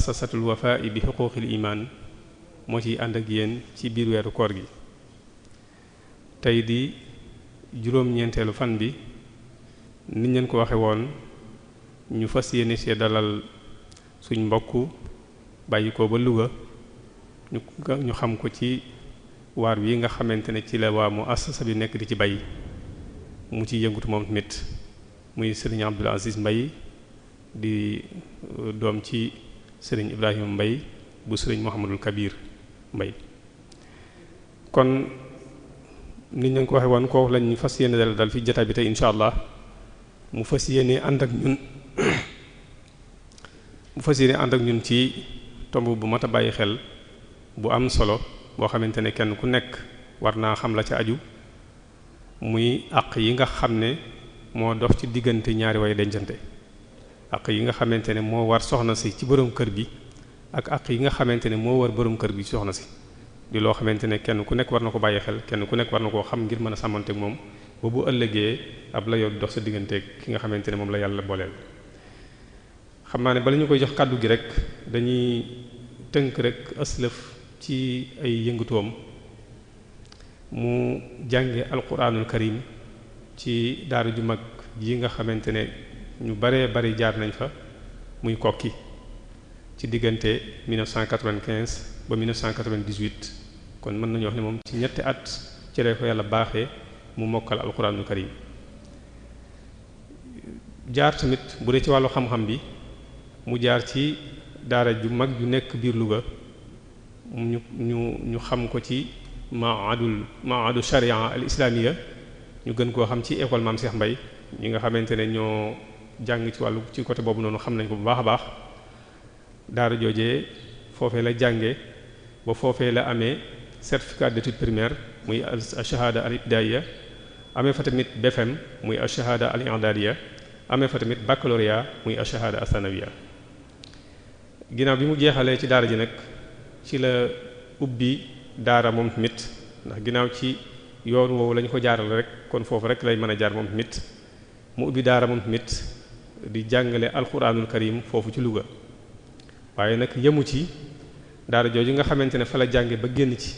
muassasatul wafaa bi xuquuqil imaan moo ciy ànd ak yéen ci biir weeru koor gi tey di juróom-ñeenteelu fan bi niñ leen ko waxe woon ñu fas yéene ci dalal suñ mbokk bàyyi ko ba Louga ñu xam ko ci waar wi nga xamante ne ci la waa muassasa bi nekk di ci bay mu ci yëngutu moom tamit muy Serigne Abdoul Aziz Mbaye di doom ci sëriñ Ibrahima mbay bu sëriñ Mouhamadul Kabir mbay kon nit ñu ko waxee woon koo lañ fas yéene dal dal fi jataay bi tey incha allah mu fas yéene ànd ak ñun mu fas yéene ànd ak ñun ci tomb bu mat a bàyyi xel bu am solo boo xamante ne kenn ku nekk war naa xam la ca aju muy àq yi nga xam ne moo dox ci diggante ñaari way dencante ak yi nga xamante ne moo war soxna si ci borom kër bi ak ak yi nga xamante ne moo war borom kër bi ci soxna si loo xamante ne kenn ku nekk war na ko bàyyi xel kenn ku nekk war na koo xam ngir mën a sàmmanteeg moom ba bu ëllëgee ab la yow sa digganteeg ki xamante ne moom la yàlla booleel. naa ne bala koy jox kàddu gi rek dañuy tënk rek aslëf ci ay yëngatuwam mu jànge alquranul karim ci daara ju mag yi nga xamante ne. ñu baree bari jaar nañ fa muy kokki ci diggante 1995 ba 1998 kon mën nañu wax ne moom ci ñetti at ci la ko yàlla baaxee mu mokkal alxuraanul karim jaar tamit bu dee ci wàllu xam-xam bi mu jaar ci daara ju mag ju nekk biir Louga ñu ñu ñu xam ko ci ma maadul maadu sharia al islamiya ñu gën koo xam ci école maam Cheikh Mbaye ñi nga xamante ne ñoo jàng ci wàllu ci côté boobu noonu xam nañ ko bu baax a baax daara joojee foofee la jànge ba foofee la amee certificat d'études primaires muy ash-shahada al-ibtidaiya amee fa tamit BFEM muy ash-shahada al-i'dadiya amee fa tamit baccalauréat muy ash-shahada as-sanawiya ginnaaw bi mu jeexalee ci daara ji nag ci la ubbi daara moom tamit ndax ginnaaw ci yoon woowu lañ ko jaaral rek kon foofu rek lay mën a jaar moom tamit mu ubbi daara moom tamit di jàngale alxuraanul karim foofu ci Louga waaye nag yemu ci daara jooju nga xamante ne fa la jànge ba génn ci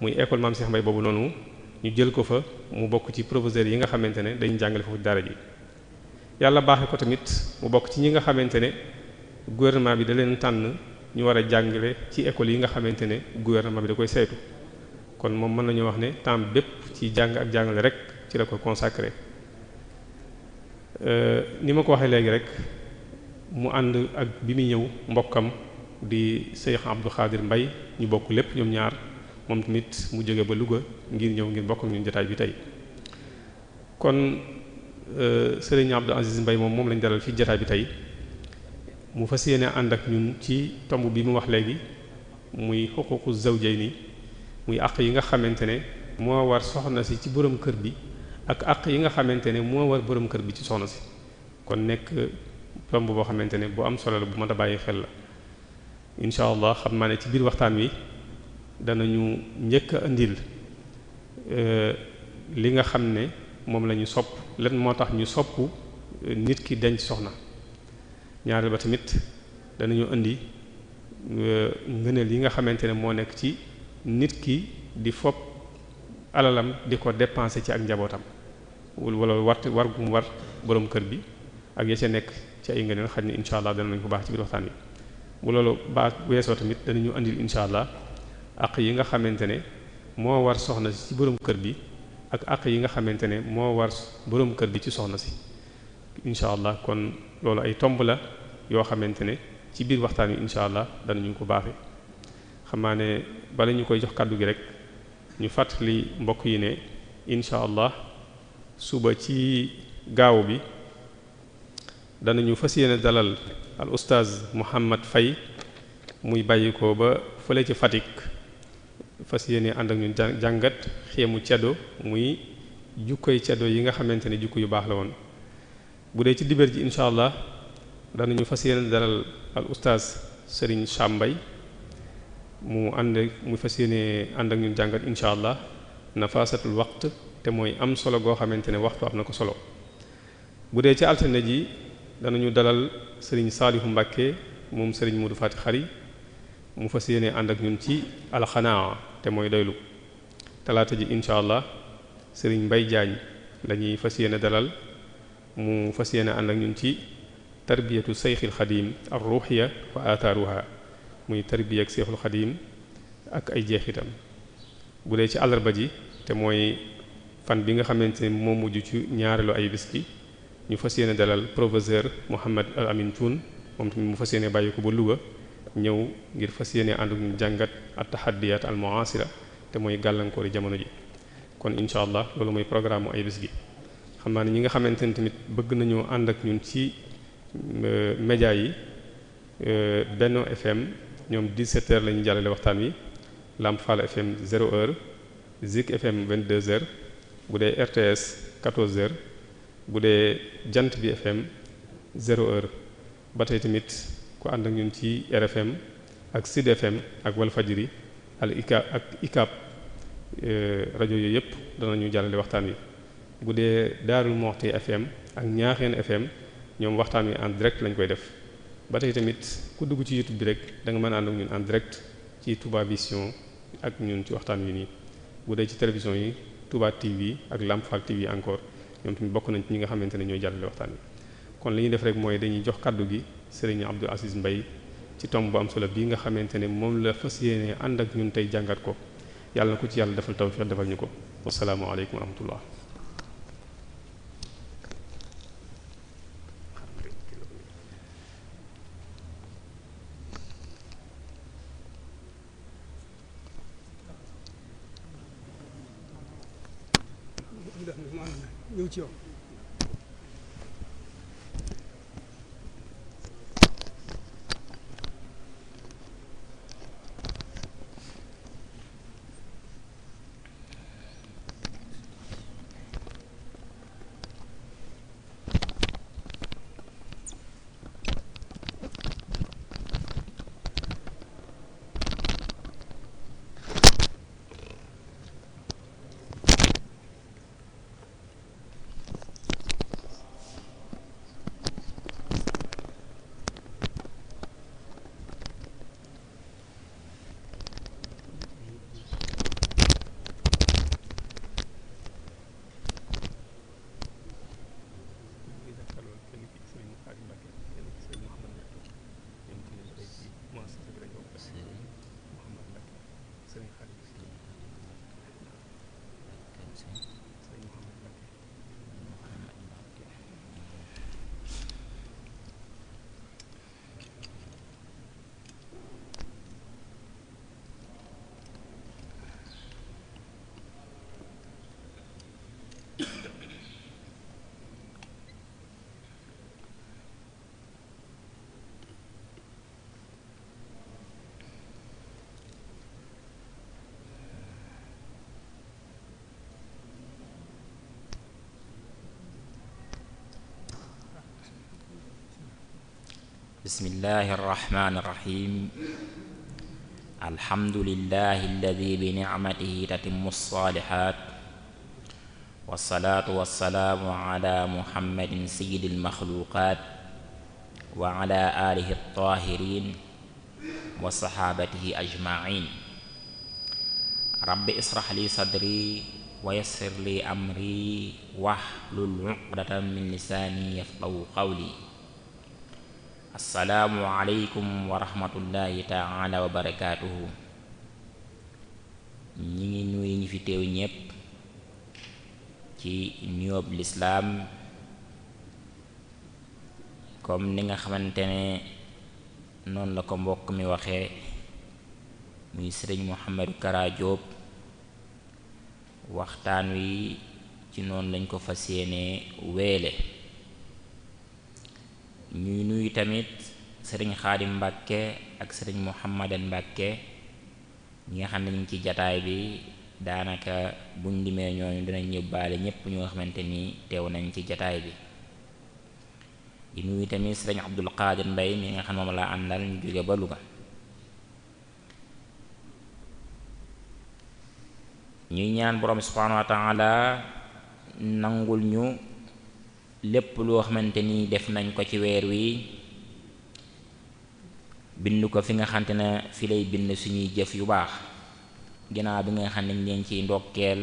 muy école maam Cheikh Mbaye boobu noonu ñu jël ko fa mu bokk ci professeurs yi nga xamante ne dañ jàngale foofu daara ji yàlla baaxe ko tamit mu bokk ci ñi nga xamante ne gouvernement bi da leen tànn ñu war a jàngale ci école yi nga xamante ne gouvernement bi da koy saytu kon moom mën nañu wax ne temps bépp ci jàng ak jàngale rek ci la ko consacré Euh, ni ma ko waxee léegi rek mu ànd ak bi muy ñëw mbokkam di Seex Abdou Khadir Mbay ñu bokk lépp ñoom ñaar moom tamit mu jóge ba Louga ngir ñëw ngir bokk ak ñun jotaay bi tey kon euh, Serigne Abdou Aziz Mbay moom moom lañ dalal fii jotaay bi tey mu fas yéene ànd ak ñun ci tomb bi mu wax léegi muy xuququ zawjayni muy àq yi nga xamante ne moo war soxna si ci borom kër bi ak àq yi nga xamante ne moo war borom kër bi ci soxna si kon nekk tomb boo xamante ne boo am solo la bu mat a bàyyi xel la incha allah xam naa ne ci biir waxtaan wi danañu njëkk a indil eh, li nga xam ne moom la ñu sopp lan moo tax ñu sopp eh, nit ki denc soxna ñaareel ba tamit danañu indi eh, ngëneel yi nga xamante ne moo nekk ci nit ki di fopp alalam di ko dépenser ci ak njabootam wala war war gu war borom kër bi ak ya ca nekk ca ay ngëneel xaj na incha allah danañ ko baax ci biir waxtaan wi. bu loolu baax weesoo tamit danañu andil incha allah aq yi nga xamante ne moo war soxna si ci borom kër bi ak aq yi nga xamante ne moo war borom kër bi ci soxna si incha allah kon loolu ay tomb la yoo xamante ne ci biir waxtaan wi incha allah danañu ko baaxee xam naa ne bala ñu koy jox kàddu gi rek ñu fàttali mbokk yi ne incha suba ci gaaw bi danañu fas yéene dalal al oustaz Mouhammad fay muy bàyyikoo ba fële ci fatik fas yéene ànd ak ñun jàngat xeemu ceddo muy jukkoy ceddo yi nga xamante ne jukko yu baax la woon bu dee ci dibéer ji incha allah dana ñu fas yéene dalal al oustaz Serigne Chambay mu ànd mu fas yéene ànd ak ñun jàngat incha allah nafasatul waqt te mooy am solo goo xamante ne waxtu am na ko solo bu dee ci altine ji danañu dalal sëriñ Saalihu Mbàkke moom sëriñ Mudu Faati Xari mu fas yéene ànd ak ñun ci alxanaa te mooy doylu talaata ji incha allah sëriñ Mbay Jaañ lañuy fas yéene dalal mu fas yéene ànd ak ñun ci tarbiyatu seyxil xadim ar ruuxiya wa aataaruha muy tarbiya ak seyxul xadim ak ay jeexitam bu dee ci àllarba ji te mooy fan bi nga xamante ne moo mujj ci ñaareelu ay bis bi ñu fas yéene dalal professeur Mouhamed Al Amin Thioune moom tamit mu fas yéene bàyyi ko ba Louga ñëw ngir fas yéene ànd ak ñu jàngat at tahaddiyat al mu'asira te mooy gàllankoori jamono ji kon incha allah loolu mooy programme mu ay gi. xam naa ne ñi nga xamante ne tamit bëgg nañoo ànd ak ñun ci euh, média yi euh, Benno FM ñoom 17h la ñu jàllale waxtaan wi Lamp Fall FM 0h Zik FM 22h. bu dee RTS 14 bu dee jant bi FM 0h ba tey tamit ku ànd ak ñun ci RFM ak Sud FM ak Walfajiri al ICA ak ICAP euh, rajo yooyu yëpp danañu jàllale waxtaan wi. bu dee Daarul Muxti FM ak Ñaaxeen FM ñoom waxtaan wi en direct lañ koy def ba tey tamit ku dugg ci yitu bi rek da mën a ànd ak ñun en direct ci Touba Vision ak ñun ci waxtaan wi nii bu dee ci télévision yi. Touba TV ak Lamp Fall TV encore ñoom tamit bokk nañ ci ñi nga xamante ne ñoo jàllale waxtaan wi kon li ñuy def rek mooy dañuy jox kàddu gi Serigne Abdou Aziz mbay ci tomb bu am solo bii nga xamante ne moom la fas yéene ànd ak ñun tey jàngat ko yàlla na ko ci yàlla defal tawfiq defal ñu ko wasalaamualeykum wa rahmatullah ñëw ci yow. bismillahi arrahmani irrahim alhamdulillahi alladi bi nicmatihi tatimmu salihat wassalaatu wassalaamu ala muhammadin sayyidil maxluuqaat wa ala aalihi ttaahiriin wa saxaabatihi ajmaciin rabbi israx li sadri wa yassir li amri wahlul uqdatan min lisaani yafqahu qawli assalaamu aleykum wa rahmatullahi taala wa ñi ngi nuyu ñi fi teew ñépp ci nuyoob lislaam comme ni nga xamante ne noonu la ko mbokk mi waxee muy sëriñ Mouhamadou Kara waxtaan wi ci noonu lañ ko fa yéenee weele ñuy nuyu tamit sëriñ xaadim mbàkke ak sëriñ muhammadan mbàkke ñi nga xam ne ñu ci jataay bi daanaka buñ limee ñooñu dinañ yóbbaale ñépp ñoo xamante ni teew nañ ci jataay bi di nuyu tamit sëriñ abdul qaadir mbay mi nga xam moom laa àndal ñu jóge ba Luga ñuy ñaan borom subhanahu nangul ñu lépp loo xamante ni def nañ ko ci weer wi bind ko fi nga xamante ne fi bind suñuy jëf yu baax ginnaaw bi nga xam ne ñu leen ci ndokkeel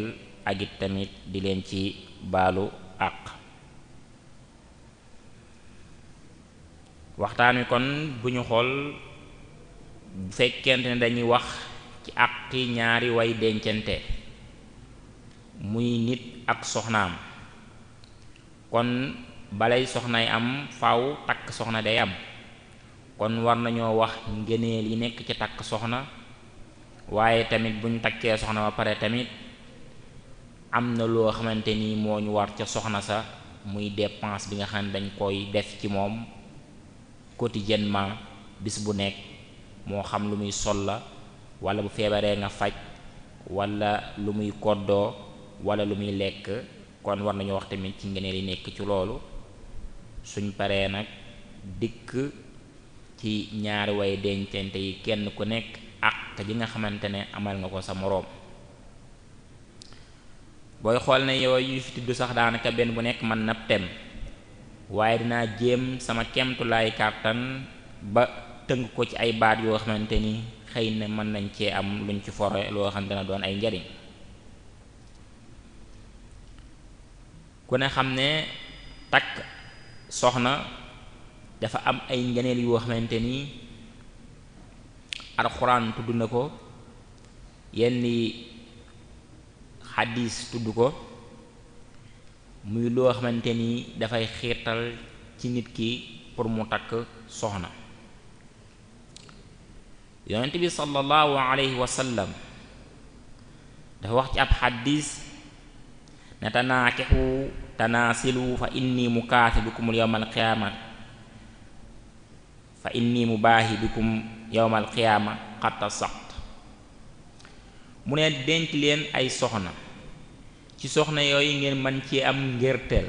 ak it tamit di leen ci baalu àq waxtaan wi kon bu ñu xool bu fekkente ne dañuy wax ci àqi ñaari way dencante muy nit ak soxnaam kon balay soxnay am faw takk soxna day am kon war nañoo wax ngëneel yi nekk ci takk soxna waaye tamit buñ takkee soxna ba pare tamit am na loo xamante ni moo ñu war ca soxna sa muy dépense bi nga xam ne dañ koy def ci moom quotidiennement bis bu nekk moo xam lu muy sol la wala bu feebaree nga faj walla lu muy koddoo wala lu muy lekk kon war nañu wax tamit ci ngeneel yi nekk ci loolu suñ paree nag dikk ci ñaari way dencante yi kenn ku nekk àq ji nga xamante ne amal nga ko sa moroom booy xool ne yow yu fi tudd sax daanaka benn bu nekk mën na tem waaye dinaa jéem sama kemtulaay kàttan ba tënk ko ci ay baat yoo xamante ni xëy na mën nañ cee am luñ ci fore loo xam dana doon ay njariñ ku ne xam ne takk soxna dafa am ay ngeneen yoo xamante ni alxuraan tudd na ko yenn xadis tudd ko muy loo xamante ni dafay xiirtal ci nit ki pour mu takk soxna yonent bi sallallahu alayhi wa dafa wax ci ab xadis ne tanaakixu tanaasilu fa inni mukaatibukum yawmal qiyaama fa inni mubaahibikum yawmal qiyaama xatta saxt mu ne denc leen ay soxna ci soxna yooyu ngeen man ci am ngérteel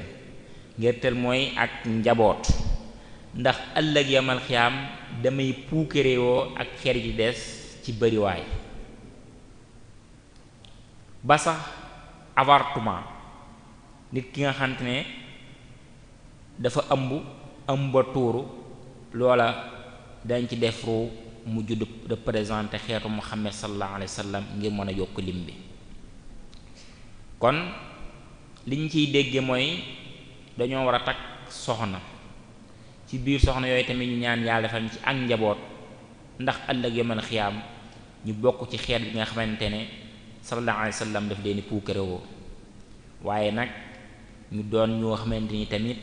ngerteel mooy ak njaboot ndax ëllëg yamal xiyaam damay puukarewoo ak xer ji des ci bariwaay ba sax avortement nit ki nga xamante ne dafa ëmb ëmba tuuru loola dañ ci def ruu mujj de représenté xeetu Muhammad sallallahu alayhi wa ngir mën a yokk lim bi kon liñ ciy dégge mooy dañoo war a takk soxna ci biir soxna yooyu tamit ñu ñaan yàlla defal ci ak njaboot ndax ëllëg yomal xiyaam ñu bokk ci xeet bi nga xamante ne sallallahu alayhi wa sallam daf leen puukarewoo waaye nag ñu doon ñoo xamante ni tamit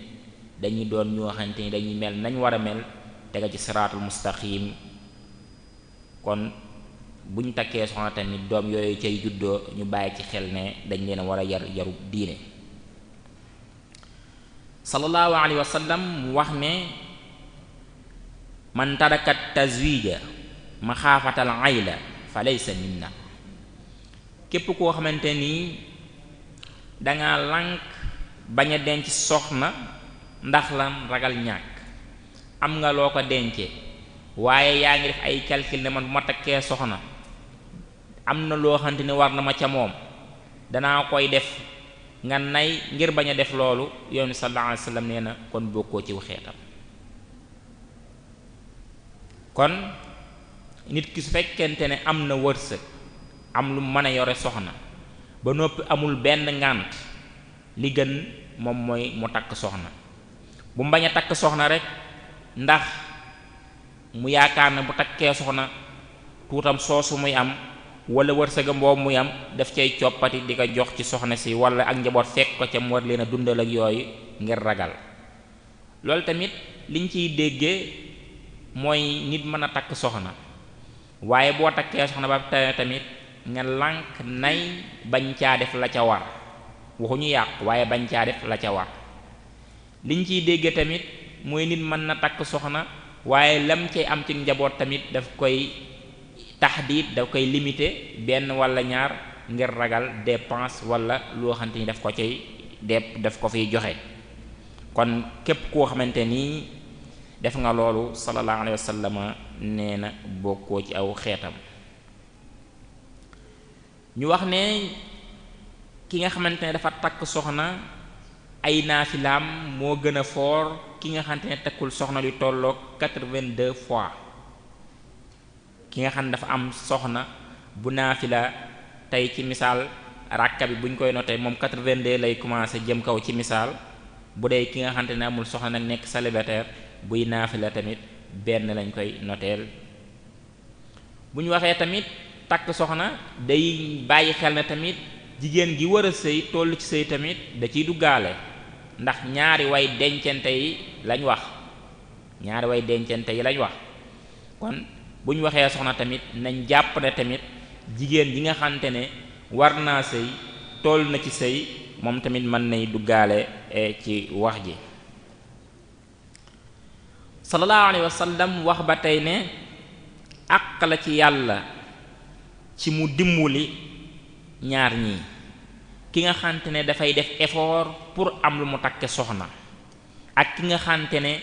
dañuy doon ñoo xamante ni dañuy mel nañ war a mel tega ci siraatul mustaqim kon buñ takkee soxna tamit doom yooyu cay juddoo ñu bàyyi ci xel ne dañ leen war a yar yarub diine sallallahu alayhi wa sallam mu wax ne man tarakat tazwija maxaafatal ayla fa laysa minna képp koo xamante ni danga lànk bañ a denc soxna ndax lan ragal ñàkk am nga loo ko dencee waaye yaa ngi def ay calcul ne man bu ma takkee soxna am na loo xamante ni war na ma ca moom danaa koy def nga nay ngir bañ a def loolu yoonu sallallahu alayhi nee na kon bokkoo ci waxeetam kon nit ki su fekkente ne am na wërsëg am lu mën a yore soxna ba noppi amul benn ngànt li gën moom mooy mu takk soxna bu mu bañ a takk soxna rek ndax mu yaakaar ne bu takkee soxna tuutam soosu muy am wala wërsëgam boobu muy am def cay coppati di ko jox ci soxna si wala ak njaboot fekk ko ca mu war leen a dundal yooyu ngir ragal loolu tamit liñ ciy déggee mooy nit mën a takk soxna waaye boo takkee soxna ba tane tamit nga lànk nay bañ caa def la ca war waxuñu yàq waaye bañ caa la ca war liñ ciy dégge tamit mooy nit mën na takk soxna waaye lam cay am ci njaboot tamit daf koy taxdiid daf koy limité benn walla ñaar ngir ragal dépense wala loo xamante ni daf ko cay depp daf ko fiy joxe kon képp koo xamante nii def nga loolu sallallahu alayhi wa nee na bokkoo ci aw xeetam ñu wax ne ki nga xamante ne dafa takk soxna ay naafilaam moo gën a foor ki nga xamante ne takkul soxna lu tolloog quatre-vingt-deux fois ki nga xam ne dafa am soxna bu la tey ci misaal ràkka bi buñ koy noté moom quatre-vingt-deux lay commencé jëm kaw ci misaal bu dee ki nga xamante ne amul soxna nag nekk célibataire buy naafi la tamit benn lañ koy noteel bu waxee tamit takk soxna day bàyyi xel na tamit jigéen gi war a sëy toll ci sëy tamit da ciy duggaale ndax ñaari way dencante yi lañ wax ñaari way dencante yi lañ wax kon bu ñu waxee soxna tamit nañ jàpp ne tamit jigéen gi nga xamante ne war naa sëy tool na ci sëy moom tamit mën nay duggaale eh, ci wax ji sallallahu alayhi wasallam wax ba tey ne àq la ci yàlla ci mu dimbali ñaar ñii ki nga xante ne dafay def effort pour am lu mu takke soxna ak ki nga xante ne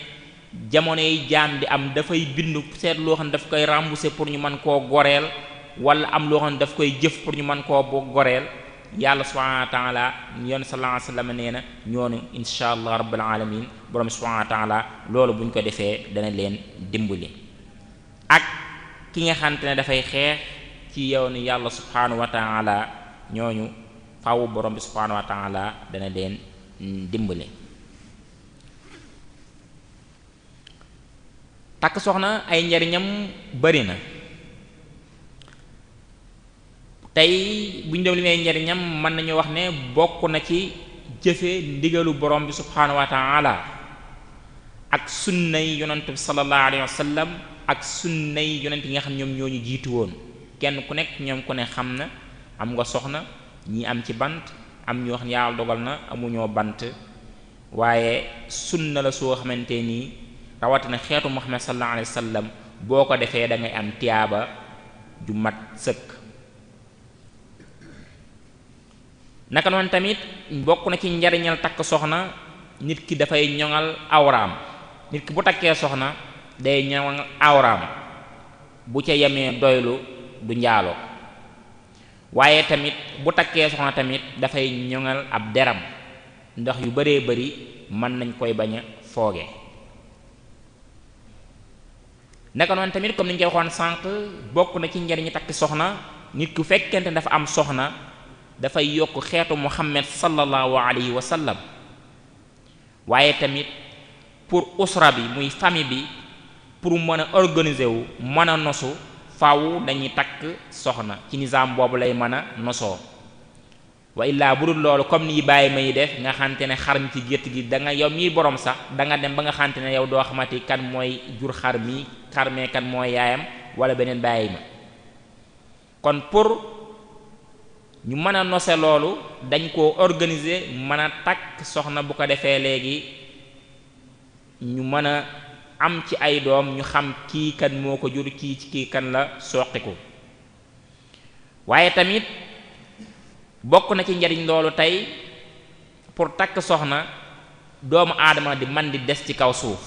jamono yi jaam di am dafay bindu seet loo xam ne daf koy rembourser pour ñu mën koo goreel wala am loo xam ne daf koy jëf pour ñu mën koo bo goreel yàlla subhanahu wa taala yoon sallallahu alayhi wasallam nee na ñoonu insha allah rabbil alamin borom subhanahu wa taala loolu buñ ko defee dana leen dimbali ak ki nga xante ne dafay xeex ci yoonu yàlla subhanahu wa ñooñu faw borom bi subhaanahu wa taala dana leen dimbale takk soxna ay njariñam bari na tey bu ñu li njariñam mën nañu wax ne bokk na ci jëfe ndigalu borom bi subhaanahu wa taala ak sunnay yonent bi sallallahu alayhi wa sallam ak sunnay yonent yi nga xam ñoom ñoo jiitu woon kenn ku nekk ñoom ku ne xam na am nga soxna ñi am ci bant am ñu wax ne dogal na amuñoo bant waaye sunna la soo xamante nii rawatina xeetu Muhammad sallallahu alayhi wasallam boo ko defee da ngay am tiyaaba ju mat sëkk naka noonu tamit bokk na ci njariñal takk soxna nit ki dafay ñoŋal awraam nit ki bu takkee soxna day ñoŋal awraam bu ca yamee doylu du njaalo waaye tamit bu takkee soxna tamit dafay ñoŋal ab deram ndox yu baree bari mën nañ koy bañ a fooge naka noonu tamit comme ni ñu waxoon sànq bokk na ci njariñu takk soxna nit ku fekkent ne dafa am soxna dafay yokk xeetu Muhammad sallallahu alayhi wa sallam waaye tamit pour usra bi muy famille bi pour mën a organiser wu mën a nosu faaw dañuy takk soxna ci nizaam boobu lay mën a nosoo wa illaa bu dul loolu comme ni bàyyi may def nga xante ne xar mi ci gétt gi da nga mii boroom sax danga dem ba nga xante ne yow doo xamante kan mooy jur xar mi xar mee kan mooy yaayam wala beneen bàyyi ma kon pour ñu mën a nose loolu dañ ko organise mën a takk soxna bu ko defee léegi ñu mën a am ci ay doom ñu xam kii kan moo ko jur kii ci kii kan la soqiku waaye tamit bokk na ci njariñ loolu tey pour takk soxna doomu aadama di man di des ci kaw suuf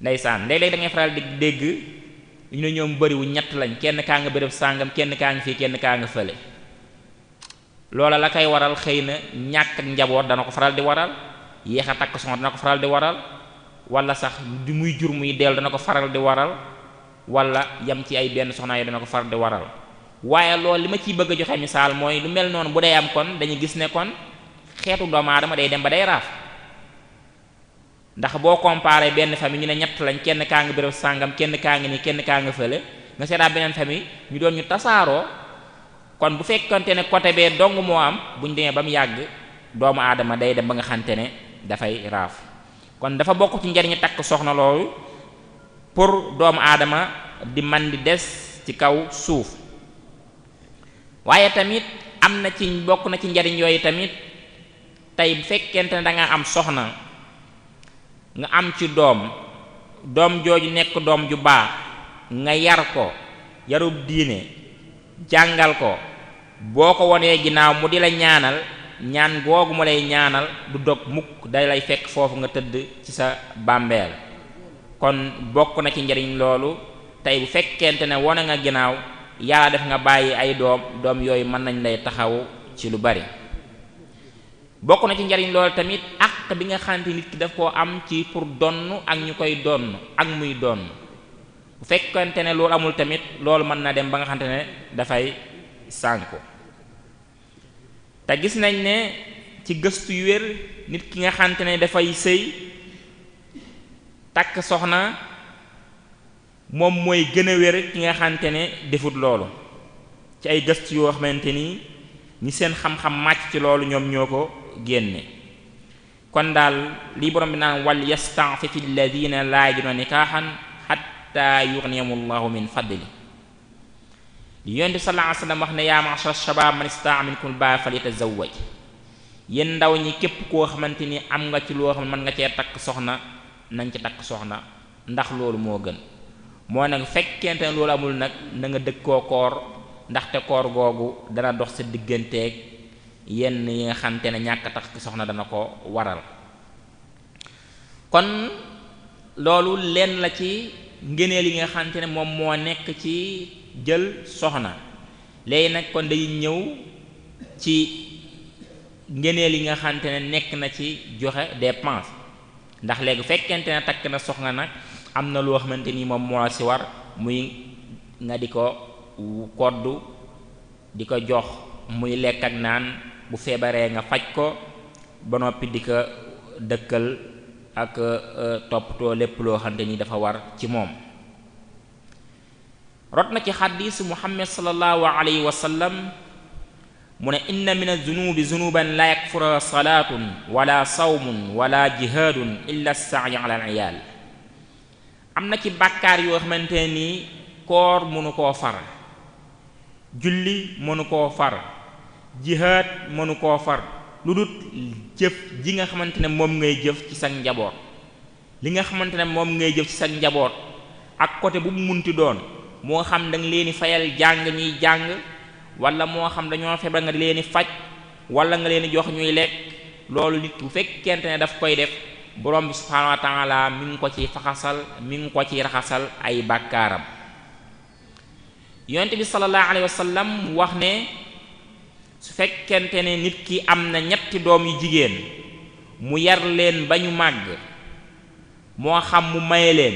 ndeysaan léeg-léeg da faral di dégg ñu ne ñoom bëriwu ñett lañ kenn kaa nga béréb sàngam kenn kaa ngi fii kenn kaa nga fële loola la koy waral xëy na ñàkk ak njaboot dana ko faral di waral yéex a takk soxna dana ko faral di waral wala sax di muy jur muy dellu dana ko faral di waral wala yam ci ay benn soxnaa yi dana ko faral di waral waaye loolu li ma ciy bëgg a joxe misaal mooy lu mel noonu bu day am kon dañu gis ne kon xeetu doomu aadama day dem ba day raaf ndax boo comparé benn famille ñu ne ñett lañ kenn kaa nga béréb sàngam kenn kaa nga nii kenn kaa nga fële nga seetaa beneen famille ñu doon ñu tasaaroo kon bu fekkante ne côté bee dong moo am buñ demee ba mu yàgg doomu aadama day dem ba nga xamante ne dafay raaf. kon dafa bokk ci njariñu takk soxna loolu pour doomu aadama di man di des ci kaw suuf waaye tamit am na ci bokk na ci njariñ yooyu tamit tey bu fekkente ne danga am soxna nga am ci doom doom jooju nekk doom ju baax nga yar ko yarub diine jàngal ko boo ko wonee ginnaaw mu di la ñaanal ñaan googu ma lay ñaanal du dog mukk day lay fekk foofu nga tëdd ci sa bàmbeel kon bokk na ci njariñ loolu tey bu fekkente ne wone nga ginnaaw yàlla def nga bàyyi ay doom doom yooyu mën nañ lay taxawu ci lu bari bokk na ci njariñ loolu tamit àq bi nga xamante nit ki daf koo am ci pour donn ak ñu koy donn ak muy donn bu fekkente ne loolu amul tamit loolu mën na dem ba nga xamante ne dafay sànku te gis nañ ne ci gëstu yu wér nit ki nga xante ne dafay sëy takk soxna moom mooy gën a wér ki nga xante ne defut loolu ci ay gëstu yoo xamante ni ñi seen xam-xam màcc ci loolu ñoom ñoo ko génne kon daal lii borom bi naan wal yasta'fifi alladhina laa yajiduuna nikaahan hatta yughniyahumullahu min fadli li yonent bi sallallahu alayhi wasallam wax ne yaa ma'shar shabaab man ista'a minkum al-ba'a falyatazawwaj yéen ndaw ñi képp koo xamante ni am nga ci loo xam ne mën nga cee takk soxna nañ ci takk soxna ndax loolu moo gën moo nag fekkente ne amul nag na nga dëkkoo koor ndaxte koor googu dana dox sa digganteeg yenn yi nga xamante ne ñàkk takk soxna dana ko waral kon ci ngëneel yi nga xamante ne moom moo nekk ci jël soxna léegi nag kon day ñëw ci ngëneel yi nga xamante ne nekk na ci joxe dépense ndax léegi fekkente ne takk na soxna nag am na loo xamante ni moom moo si war muy nga di ko koddu di ko jox muy lekk ak naan bu feebaree nga faj ko ba noppi di ko dëkkal ak euh, toppatoo lépp loo xamante ni dafa war ci moom rot na ci xadiisu muhammad sallallahu alayhi wa sallam mu ne inna min azunubi zunuban la yakfura salaatun wala sawmun wala jihaadun illa sa'yu ala al am na ci bàkkaar yoo xamante ni koor mënu koo far julli mënu koo far jihaad mënu koo far lu dut jëf ji nga xamante ne moom ngay jëf ci sa njaboot li nga xamante ne moom ngay jëf ci sa njaboot ak côté bu mu munti doon moo xam da nga leen di jàng ñuy jàng walla moo xam dañoo feebar nga di leen faj wala nga leen jox ñuy lekk loolu nit bu fekkente ne daf koy def borom bi subhaanahu wa taala ngi ko ci faxasal mi ngi ko ci raxasal ay bàkkaaram yonent bi sallallahu alayhi wa sallam wax ne su fekkente ne nit ki am na ñetti doom yu jigéen mu yar leen ba ñu màgg moo xam mu maye leen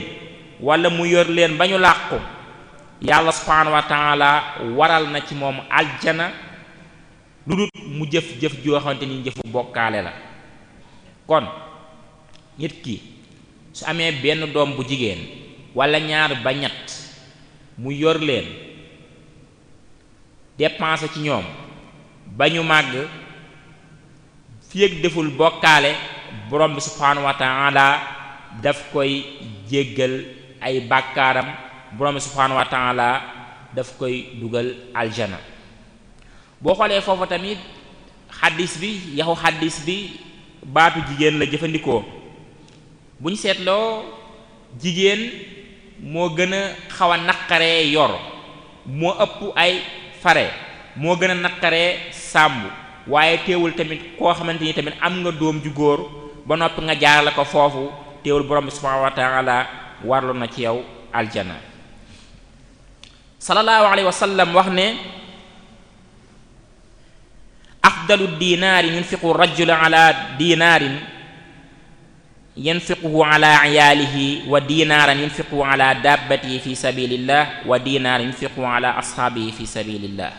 walla mu yor leen ba ñu làqu yàlla subhaanahu wa taala waral na ci moom aljana lu dul mu jëf jëf joo xamante ni jëfu bokkaale la kon nit ki su amee benn doom bu jigéen walla ñaar ba ñett mu yor leen dépenser ci ñoom ba ñu màgg fi ak deful bokkaale borom bi subhaanahu wa daf koy jéggal ay bàkkaaram borom subhaanahu wa ta'ala daf koy dugal aljana boo xoolee foofu tamit xaddis bi yaxu xaddis bi baatu jigéen la jëfandikoo bu ñu seetloo jigéen moo gën a xaw a naqaree yor moo ëpp ay fare moo gën a naqaree sàmb waaye teewul tamit koo xamante ni tamit am nga doom ju góor ba noppi nga jaarale ko foofu teewul borom bi subhaanahu wa warlu na ci yow aljana sallallahu alayhi wa wax ne afdalu dinaarin yunfiqu rajulu ala dinaarin yunfiquhu ala iyaalihi wa dinaaran yunfiqu ala dabbatihi fi sabilillah wa dinaaran yunfiqu ala ashaabihi fi sabilillah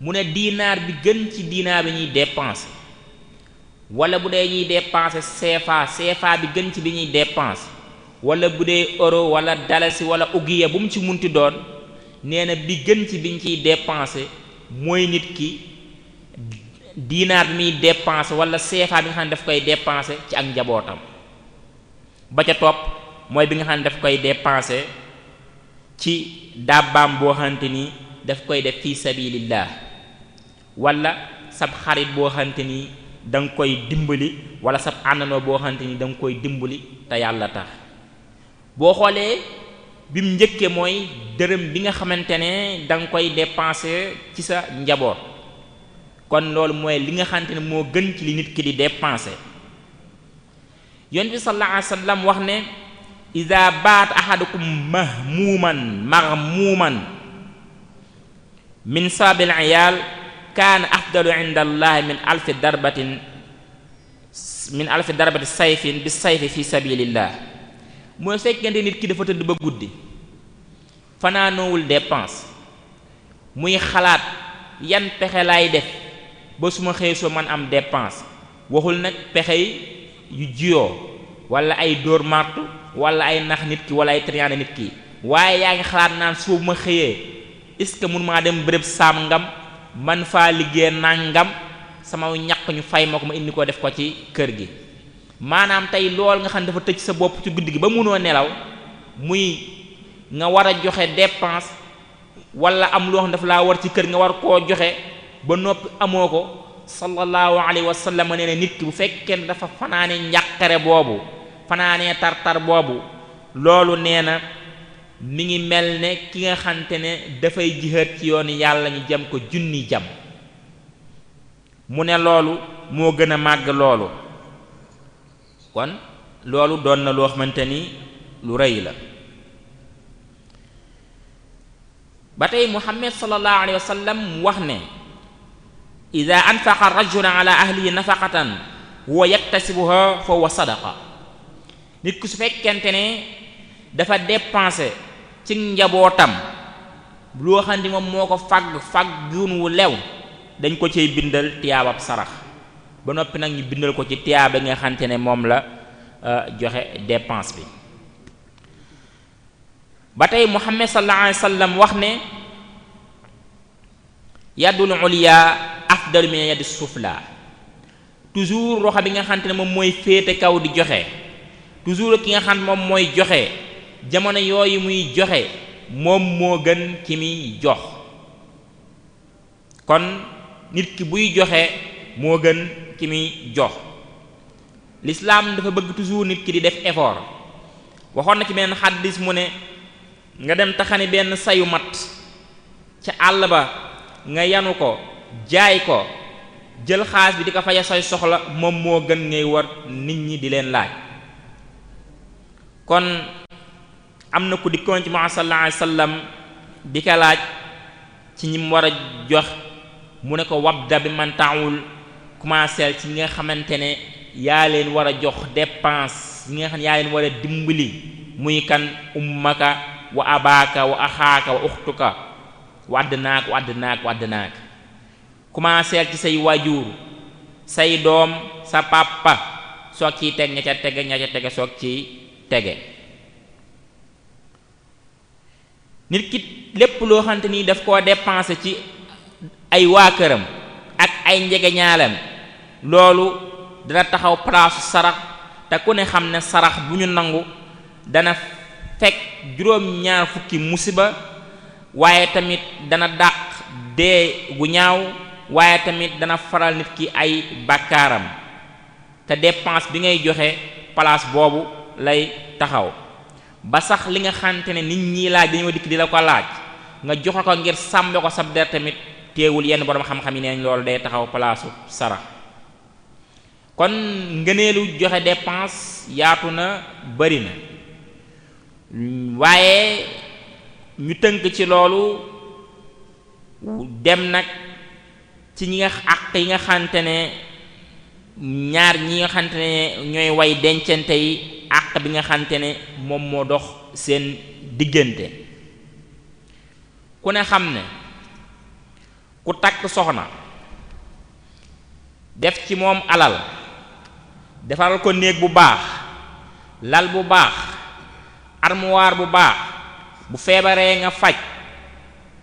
mu ne dinaar bi gën ci dinaar bi ñuy dépenser wala bu dee ñi dépenser CFA CFA bi gën bi ñuy dépenser wala bu dee euro wala dalasi wala ugiya bu mu ci munti doon nee na bi gën ci biñ ciy dépenser mooy nit ki diinaar bi muy dépenser wala CFA bi nga xam ne daf koy dépenser ci ak njabootam ba ca topp mooy bi nga xam ne daf koy dépenser ci dàbbaam boo xamante ni daf koy def fi sabilillah wala sab xarit boo xamante ni da koy dimbali wala sab àndandoo boo xamante ni da nga koy dimbali te yàlla tax boo xoolee bi mu njëkkee mooy dërëm bi nga xamante ne danga koy dépenser ci sa njaboot kon loolu mooy li nga xamante ne moo gën ci li nit ki di dépenser yonent bi sallallahu alayhi wax ne iza baat ahadukum mahmuuman maghmuuman min sabil iyaal kaana afdalu inda allahi min alfi darbatin min alfi darbati sayfin bi sayfi fi sabilillah mooy sekkante nit ki dafa tëdd ba guddi fanaanoowul dépense muy xalaat yan pexe laay def ba su ma xëyee soo man am dépense waxul nag pexe yu jiyoo wala ay dóor martu wala ay nax nit ki wala ay triande nit ki waaye yaa ngi xalaat naan su ma xëyee est-ce que mun maa dem béréb saam ngam man faa liggéey nangam sama ñaq ñu fay ma ko ma indi ko def ko ci kër gi maanaam tey lool nga xam ne dafa tëj sa bopp ci guddi gi ba munoo nelaw muy nga war a joxe dépense wala am loo xam ne dafa laa war ci kër nga war koo joxe ba noppi amoo ko sallallahu alayhi wa sallam nee na nit ki bu fekkee ne dafa fanaane njàqare boobu fanaanee tartar boobu loolu nee na mi ngi mel ne ki nga xamte ne dafay jihaat ci yoon yàlla ñu jam ko junni jam mu ne loolu moo gën a màgg loolu kon loolu doon na loo xamante ni lu rëy la ba tey muhammad sallallahu alayhi wa sallam wax ne ida anfaqa rajulu ala ahlihi nafaqatan huwa yaktasibuha fa huwa sadaqa nit ku su fekkente ne dafa dépensé ci njabootam loo moom moo ko fagg faggun wu lew dañ ko cey bindal tiyaabab sarax ba noppi nag ñu bindal ko ci tiyaaba nga xante ne moom la euh, joxe dépense bi ba tey Muhammad sallallahu alayhi wasallam wax ne yadul ulya afdal min yadi sufla toujours roxo bi nga xante ne moom mooy féete kaw di joxe toujours ki nga xam moom mooy joxe jamono yooyu muy joxe moom moo gën ki muy jox kon nit ki buy joxe moo gën ki muy jox l'islam dafa bëgg toujours nit ki di def effort waxoon na ci benn xaddis mu ne nga dem taxani benn sayu mat ca àll ba nga yanu ko jaay ko jël xaas bi di ko faye say soxla moom moo gën ngay war nit ñi di leen laaj kon am na ku dikkoon ci ma sallallahu alayhi wasallam di ko laaj ci ñim war a jox mu ne ko wabda bi man commencer ci nga xamante ne yaa leen war a jox dépense ñi nga xam ne yaa leen war a dimbali muy kan ummaka wa abaaka wa axaaka wa uxtuka wa addnaak wa addnaak wa addnaak commencer ci say waajur say doom sa papa soog ci teg ña ca tege ña ca tege soog ciy tege nit ki lépp loo xamante ni daf koo dépenser ci ay waa këram ak ay njege ñaalam loolu dana taxaw palaasu sarax te ku ne xam ne sarax bu ñu nangu dana fekk juróom-ñaar fukki musiba waaye tamit dana dàq dee gu ñaaw waaye tamit dana faral nit ki ay bàkkaaram te dépense bi ngay joxe place boobu lay taxaw ba sax li nga xante ne nit ñi laaj dañoo dikk di la ko laaj nga joxe ko ngir sàmbe ko sab der tamit teewul yenn boroom xam-xam yi neen loolu day taxaw palaasu sarax kon ngëneelu joxe dépense yaatu na bari na waaye ñu tënk ci loolu dem nag ci ñi nga àq yi nga xante ne ñaar ñi nga xante ne ñooy way dencante yi àq bi nga xante ne moom moo dox seen diggante ku ne xam ne ku takk soxna def ci moom alal defaral ko néeg bu baax lal bu baax armoire bu baax bu feebaree nga faj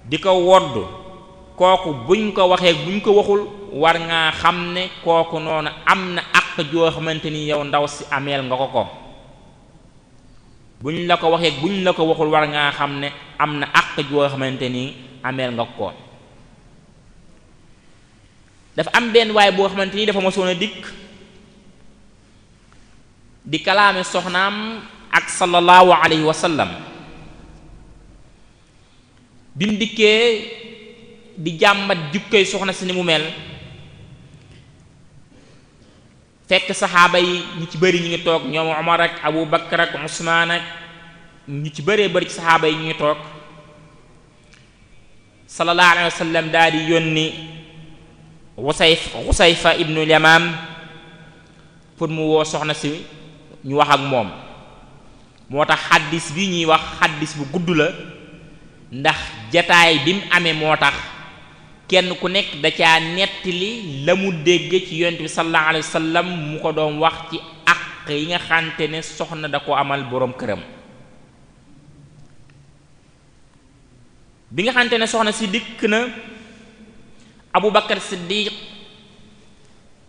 di ko wodd kooku buñ ko waxee buñ ko waxul war ngaa xam ne kooku noonu am na àq joo xamante ni yow ndaw si ameel nga ko ko buñ la ko waxee buñ la ko waxul war ngaa xam ne am na àq joo xamante ni ameel nga ko dafa am benn waay boo xamante ni dafa ma a dikk di kalaame soxnaam ak sallallahu alayhi wa sallam bim dikkee di jàmbat jukkoy soxna si ni mu mel fekk saxaaba yi ñu ci bëri ñu ngi toog ñoom Omar ak Abu Bakar ak Usmaan ak ñu ci bëree bëri saxaaba yi ñu ngi toog sallallahu alayhi wa sallam daal di yónni Xusayfa ibnu Yamaam pour mu woo soxna si ñu wax ak moom moo tax xaddis bi ñuy wax xaddis bu gudd la ndax jataay bi mu amee moo tax kenn ku nekk da caa nettali la mu dégg ci yonent bi sallallahu alayhi wasallam mu ko doon wax ci àq yi nga xante ne soxna da ko amal boroom këram bi nga xante ne soxna si dikk na Abu Bakar Siddiq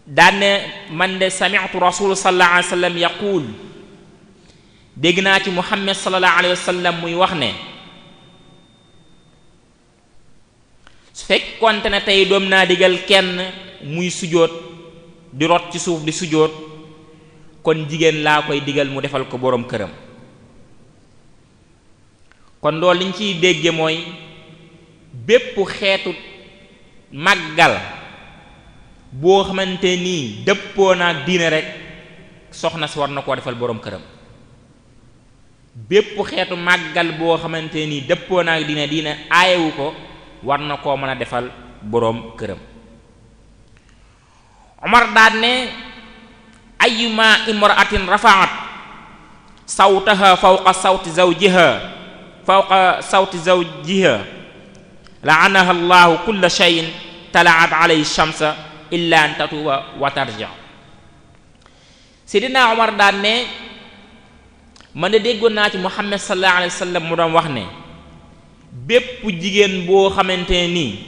daane man de sami'tu rasul sallallahu alayhi wa sallam dégg naa ci muhammad sallallahu alayhi wa sallam muy wax ne su fekkonte ne tey doom naa digal kenn muy sujoot di rot ci suuf di sujoot kon jigéen laa koy digal mu defal ko boroom këram kon loolu liñ ciy dégge mooy bépp xeetu màggal boo xamante nii dëppoo naag diine rek soxna si war na koo defal boroom këram bépp xeetu màggal boo xamante nii dëppoo naag diine diine aayewu ko war na koo mën a defal boroom këram Omar daan ne ayuma imraatin rafa'at sawtaha fawqa sawti zawjiha fawqa sawti zawjiha la'anaha allahu kulla shay'in tala'at alayhi shamsa illa an tatuuba wa tarja sidina omar daan ne man de déggoon naa ci muhammad sallallahu alayhi wa sallam doon wax ne bépp jigéen boo xamante nii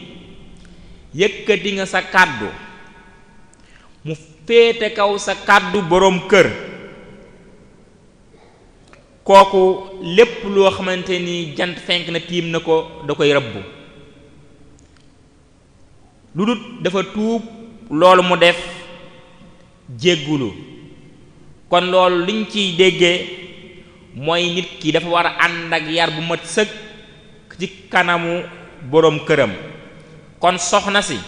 yëkkati nga sa kàddu mu féete kaw sa kàddu boroom kër kooku lépp loo xamante nii jant fenk na tiim na ko da koy rëbb lu dut dafa tuub loolu mu def jéggulu kon loolu liñ ciy déggee mooy nit ki dafa war a ànd ak yar bu mat sëkk ci kanamu boroom këram kon soxna si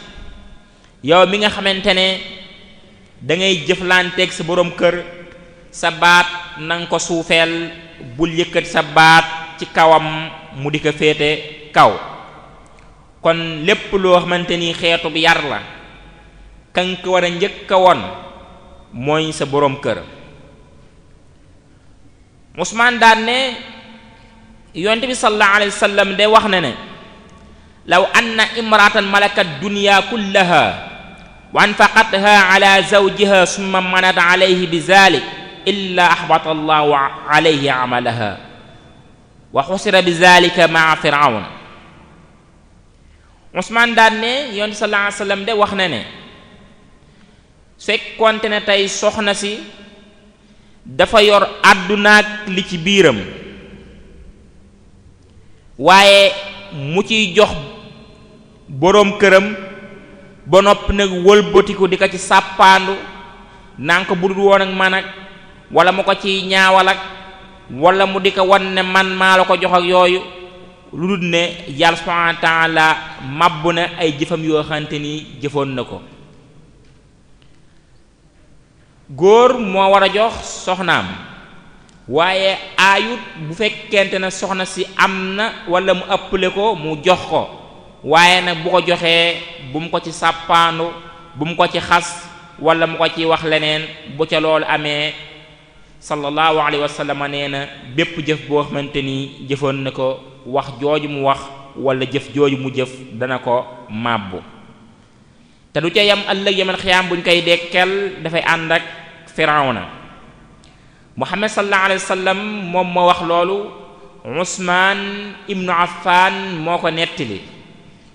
yow mi nga xamante ne da ngay jëflanteeg sa boroom kër sa baat nanga ko suufeel bul yëkkat sa baat ci kawam mu di ko féete kaw kon lépp loo xamante ni xeetu bi yar la kan ko war a njëkk a woon mooy sa boroom kër Usmaan daan ne yonte bi sallallahu alayhi wa sallam de wax na ne law anna imraatan malakat dunya kullaha wa anfaqatha ala zawjiha summa manat alayhi bi zalik illa ahbata allahu alayhi amalaha wa xusira bi zalika maa firawna Usmaan daan ne yonte bi sallallahu alayhi wa sallam de wax na ne fekkonte ne tey soxna si dafa yor àddunaak li ci biiram waaye mu ciy jox boroom këram ba noppi nag wëlbatiku di ko ci sàppaandu ndànk bu dul woon ak man ak wala mu ko ciy ñaawal ak wala mu di ko wan ne man maa la ko jox ak yooyu lu dul ne yàlla subhanahu wa ta'ala màbb na ay jëfam yoo xamante ni jëfoon na ko góor moo war a jox soxnaam waaye aayut bu fekkente na soxna si am na wala mu ëpple ko mu jox ko waaye nag bu ko joxee bu mu ko ci sàppaandu bu mu ko ci xas wala mu ko ci wax leneen bu ca loolu amee sallallahu alayhi wa sallam nee na bépp jëf boo xamante ni jëfoon na ko wax jooju mu wax wala jëf jooju mu jëf dana ko màbbu te du ca yam ëllëg yamal bu ñu koy dekkel dafay ànd ak na muhammad sallallahu alayhi wa moom moo wax loolu usmaan ibnu affan moo ko nettali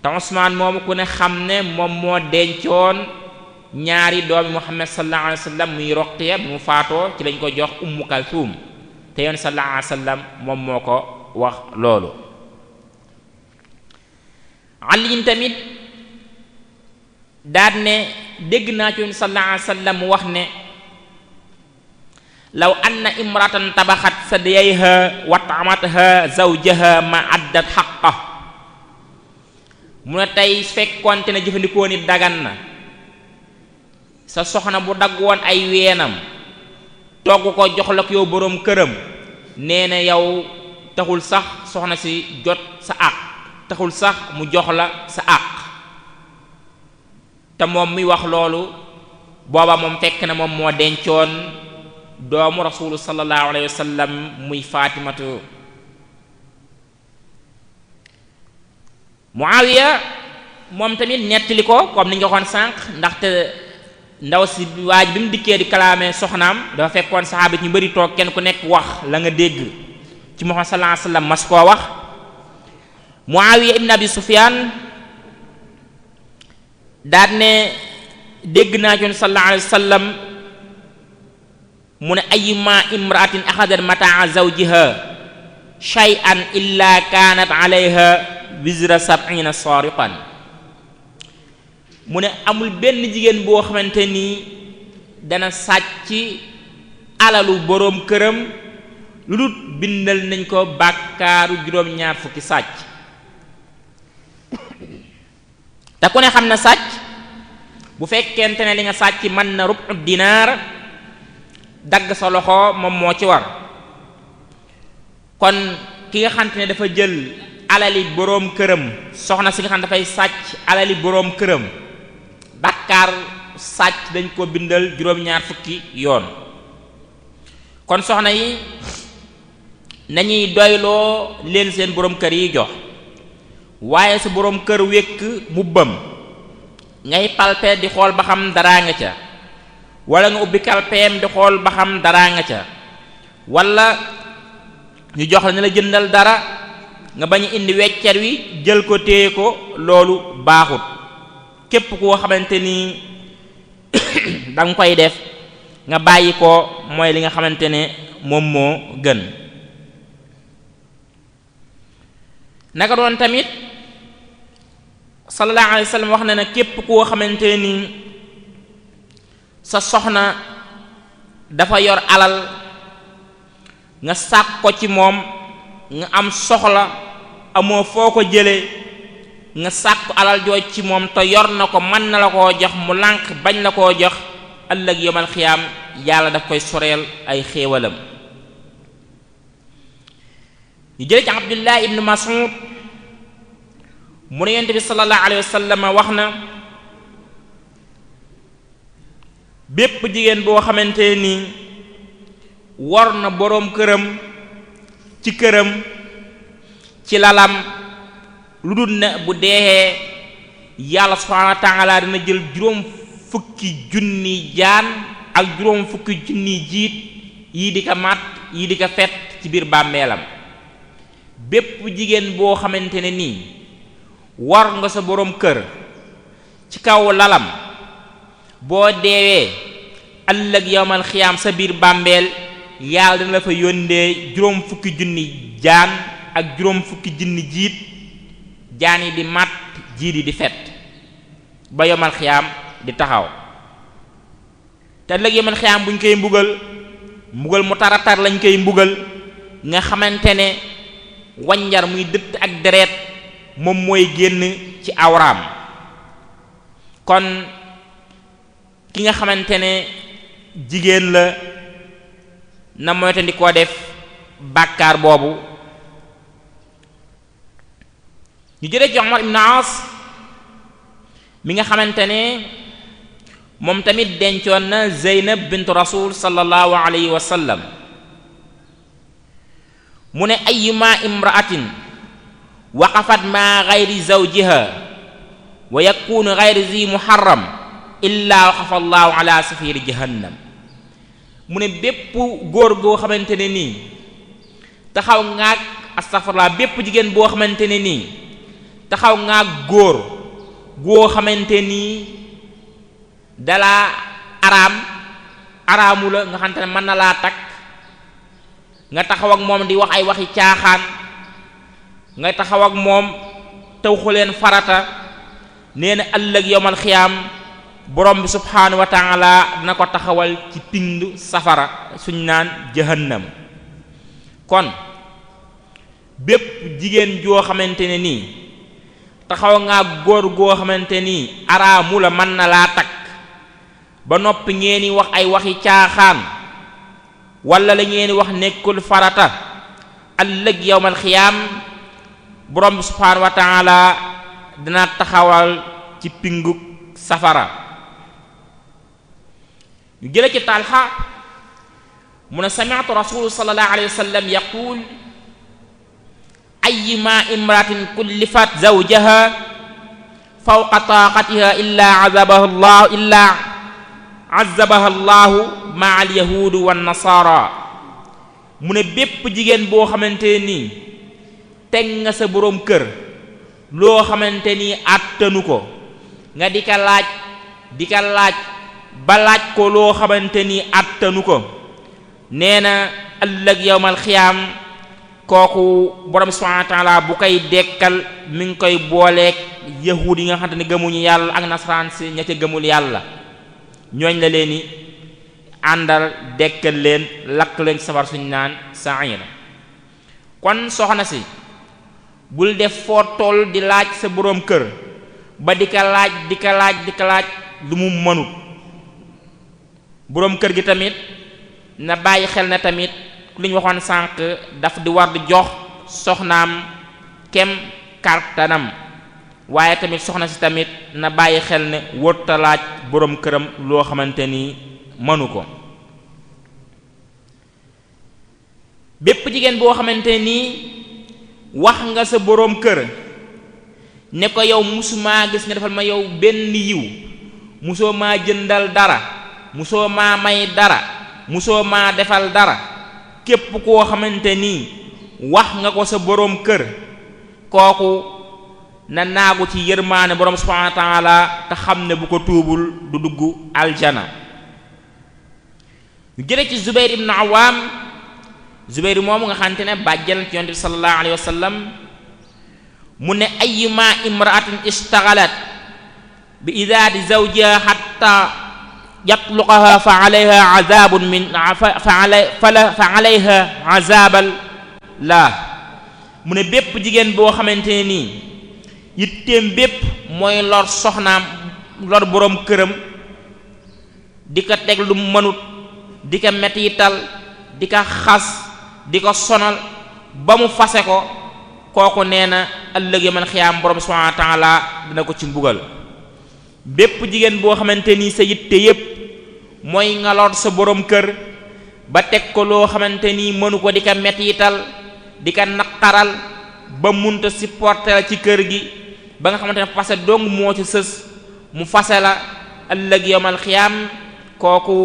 te usmaan moomu ku ne xam ne moom moo dencoon ñaari doomi muhammad sallallahu alayhi wa sallam muy roqiya bi mu faatoo ci lañ ko jox ummu kalsuum te yoon sallallahu alayhi wa moom moo ko wax loolu ali tamit daat ne dégg naa ci sallallahu alayhi wasallam wax ne law anna imratan tabaxat sadiyayha wa ta'amatha zawjaha ma addat xaqa mu ne tey fekkonte ne jëfandikoo nit dagan na sa soxna bu dagg woon ay weenam togg ko jox la ko yow boroom këram nee na yow taxul sax soxna si jot sa àq taxul sax mu jox la sa àq te moom muy wax loolu booba moom fekk na moom moo dencoon doomu rasulu sallallahu alayhi wa sallam muy faatimatu muawiya moom tamit nettali ko comme ni nga waxoon sànq ndaxte ndaw si waaj bi mu dikkee di kalaame soxnaam dafa fekkoon saxaaba ñu bari toog kenn ku nekk wax la nga dégg ci Muhammad sallallahu alayhi wa sallam koo wax Muawiya ibn Abi Sufyan daat ne dégg naa ci sallallahu alayhi mu ne ayyuma imraatin axadat mataa zawjiha shay'an illa kaanat alayha wizra sab'ina sariqan mu ne amul benn jigéen boo xamante ni dana sàcc alalu boroom këram lu dul bindal nañ ko bàkkaaru juróom-ñaar fukki sàcc te ku ne xam na sàcc bu fekkente ne li nga sàcc mën na rub dinaar dagg sa loxo moom moo ci war kon ki nga xamante ne dafa jël alali boroom këram soxna si nga xam dafay sàcc alali boroom këram bàkkaar sàcc dañ ko bindal juróom-ñaar fukki yoon kon soxna yi nañuy doyloo leen seen boroom kër yi jox waaye su boroom kër wékk mbubbam ngay palpe di xool ba xam daraa nga ca walla nga ubbi kalpeem di xool ba xam daraa nga ca wala ñu jox la jëndal dara nga bañ a indi weccer wi jël ko téye ko loolu baaxut képp koo xamante ni danga koy def nga bàyyi ko mooy li nga xamante ne moom moo gën naka tamit sallallahu alayhi wa wax na ne képp koo xamante ni sa soxna dafa yor alal nga sàkk ko ci moom nga am soxla amoo foo ko jële nga sàkk alal jooj ci moom te yor na ko mën na la koo jox mu lànq bañ la koo jox ëllëg yomal xiyaam yàlla daf koy soreel ay xéewalam ñu jële ci Abdullah ibn Mas'ud mu ne yonent bi sallallahu alayhi wa wax na bépp jigéen boo xamante ni war na boroom këram ci këram ci lalam lu dul ne bu deexee yàlla subhaanahu wa taala dina jël juróom fukki junni jaan ak juróom fukki junni jiit yii di ko màtt yii di ko fet ci biir bàmmeelam bépp jigéen boo xamante ne nii war nga sa boroom kër ci kaw lalam boo deewee ëllëg yowmal sa biir bàmbeel yàlla dina la fa yóndee juróom fukki junni jaan ak juróom fukki junni jiit jaan yi di màtt jiit yi di fet ba yowmal di taxaw te ëllëg yowmal xiyaam buñ koy mbugal mbugal mu taratar lañ koy mbugal nga xamante ne wanjar muy dëtt ak deret moom mooy génn ci awraam kon ki nga xamante ne jigéen la na moytandi koo def bàkkaar boobu ñu jëlee ci Umar ibn Aas mi nga xamante ne moom tamit dencoon na Zeynab bintu rasul sallallahu alayhi wa sallam mu ne ayyuma imra'atin waqafat ma gayri zawjiha wa yakunu gayri zi muharram illaa waqafa allahu ala safiri jahannam mu ne bépp góor goo xamante ne nii taxaw ngaag astafurlaa bépp jigéen boo xamante ne nii taxaw ngaag góor goo xamante nii dalaa araam araamu la nga xamante ne mën na laa takk nga taxaw ak moom di wax ay waxi caaxaan ngay taxaw ak moom tawxu leen farata nee na ëllëg yowmal xiyaam borom bi subhaanahu wa taala ko taxawal ci pind safara suñ naan jahannam kon bépp jigéen joo xamante ne nii taxaw ngaa góor goo xamante ni araamu la mën na laa takk ba noppi ngeen wax ay waxi caaxaan wala la ngeen wax nekkul farata ëllëg yowmal xiyaam borom bi subhaanahu wa taala dina taxawal ci pingu safara ñu jële ci talxa mu ne sami'tu rasulu sallallahu alayhi wa sallam yaqul ayyuma imratin kullifat zawjaha fawqa taqatiha illa azabaha allah illa azabaha allah ma'a al yahud wan nasara mu boo xamante nii teg nga sa boroom kër loo xamante ni àttanu ko nga di ka laaj di ka laaj ba laaj ko loo xamante ni àttanu ko nee na ëllëg yowmal xiyaam kooku borom subhanahu wa bu koy dekkal mu ngi koy booleeg yahuud yi nga xamante ne gëmuñu yàlla ak nasaraan si ña ca gëmul yàlla ñooñ la leen i àndal dekkal leen lakk leen safar suñ naan saira kon soxna si bul def foo toll di laaj sa boroom kër ba di ka laaj di ka laaj di ka laaj lu mu mënut boroom kër gi tamit na bàyyi xel na tamit lu ñu waxoon sànq daf di war di jox soxnaam kem kartanam waaye tamit soxna si tamit na bàyyi xel ne wërta laaj boroom këram loo xamante ni mënu ko bépp jigéen boo xamante nii wax nga sa boroom kër ne ko yow musumaa gis nga defal ma yow benn yiw musoo maa jëndal dara musoo maa may dara musoo maa defal dara képp koo xamante nii wax nga ko sa boroom kër kooku na naagu ci yërmaane borom subhanahu wa te xam ne bu ko tuubul du dugg aljana jële ci Zubayr ibn Awam Zubayr moomu nga xamante ne bàjjan ci yonent bi sallallahu wa sallam mu ne ayyuma imra'atin ishtaghalat bi idaadi zawjiha hatta yatluqaha fa alayha azabun min fa alayha azabal laa mu ne bépp jigéen boo xamante nii yitteem bépp mooy lor soxnaam lor boroom këram di ko teg lu mënut di ko mettital di ko xas di ko sonal ba mu fase ko kooku nee na ëllëg man xiyaam borom subhanahu wa ta'ala dina ko ci mbugal bépp jigéen boo xamante ni sa yitte yépp mooy ngaloot sa borom kër ba teg ko loo xamante ni mënu ko di ka mettital di ka naqaral ba munta supporter ci kër gi ba nga xamante ne fase dong moo ci sës mu fase la ëllëg yawmal xiyaam kooku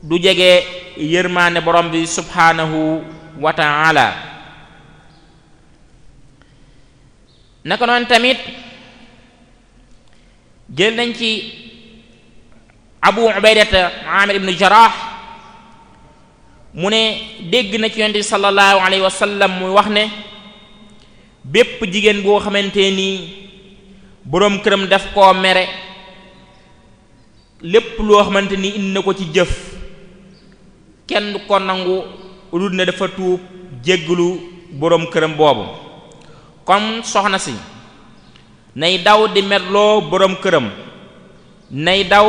du jege yërmaane borom bi subhaanahu wa ta'ala naka noonu tamit jël nañ ci abu ubaydata mu ne dégg na ci yonent bi sallallahu alayhi muy wax ne bépp jigéen boo xamante nii boroom këram daf koo mere lépp loo xamante ni indi na ko ci jëf kenn du ko nangu lu ne dafa tuub jéggalu boroom këram boobu kon soxna si nay daw di merloo boroom këram nay daw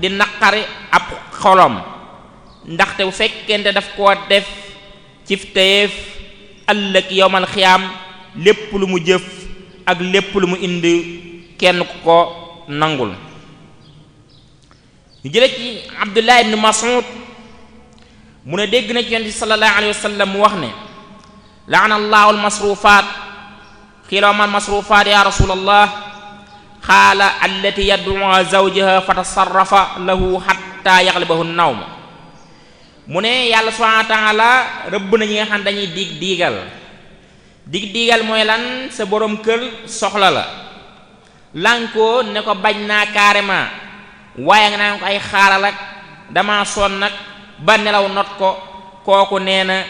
di naqari ab xolom ndaxte bu fekkente daf koo def cif téyeef ëllëg yowmal xiyaam lépp lu mu jëf ak lépp lu mu indi kenn ku ko nangul ñu jële ci Abdullah ibn Mas'ud mu ne dégg na ci yonent bi sallallahu alayhi wa sallam mu wax ne laana allahu almasrufaat xiila man masrufaat ya rasulallah xaala allati yad'uha zawjaha fatasarrafa lahu xatta yaxlibahu ma mu ne yàlla subhanahu wa la rëbb na ñi nga xam dañuy dig diigal dig diigal mooy lan sa borom kër soxla la lànkoo ne ko bañ naa carrément waaye nga naan ko ay xaaral ak dama sonn nag ba nelaw not ko kooku nee na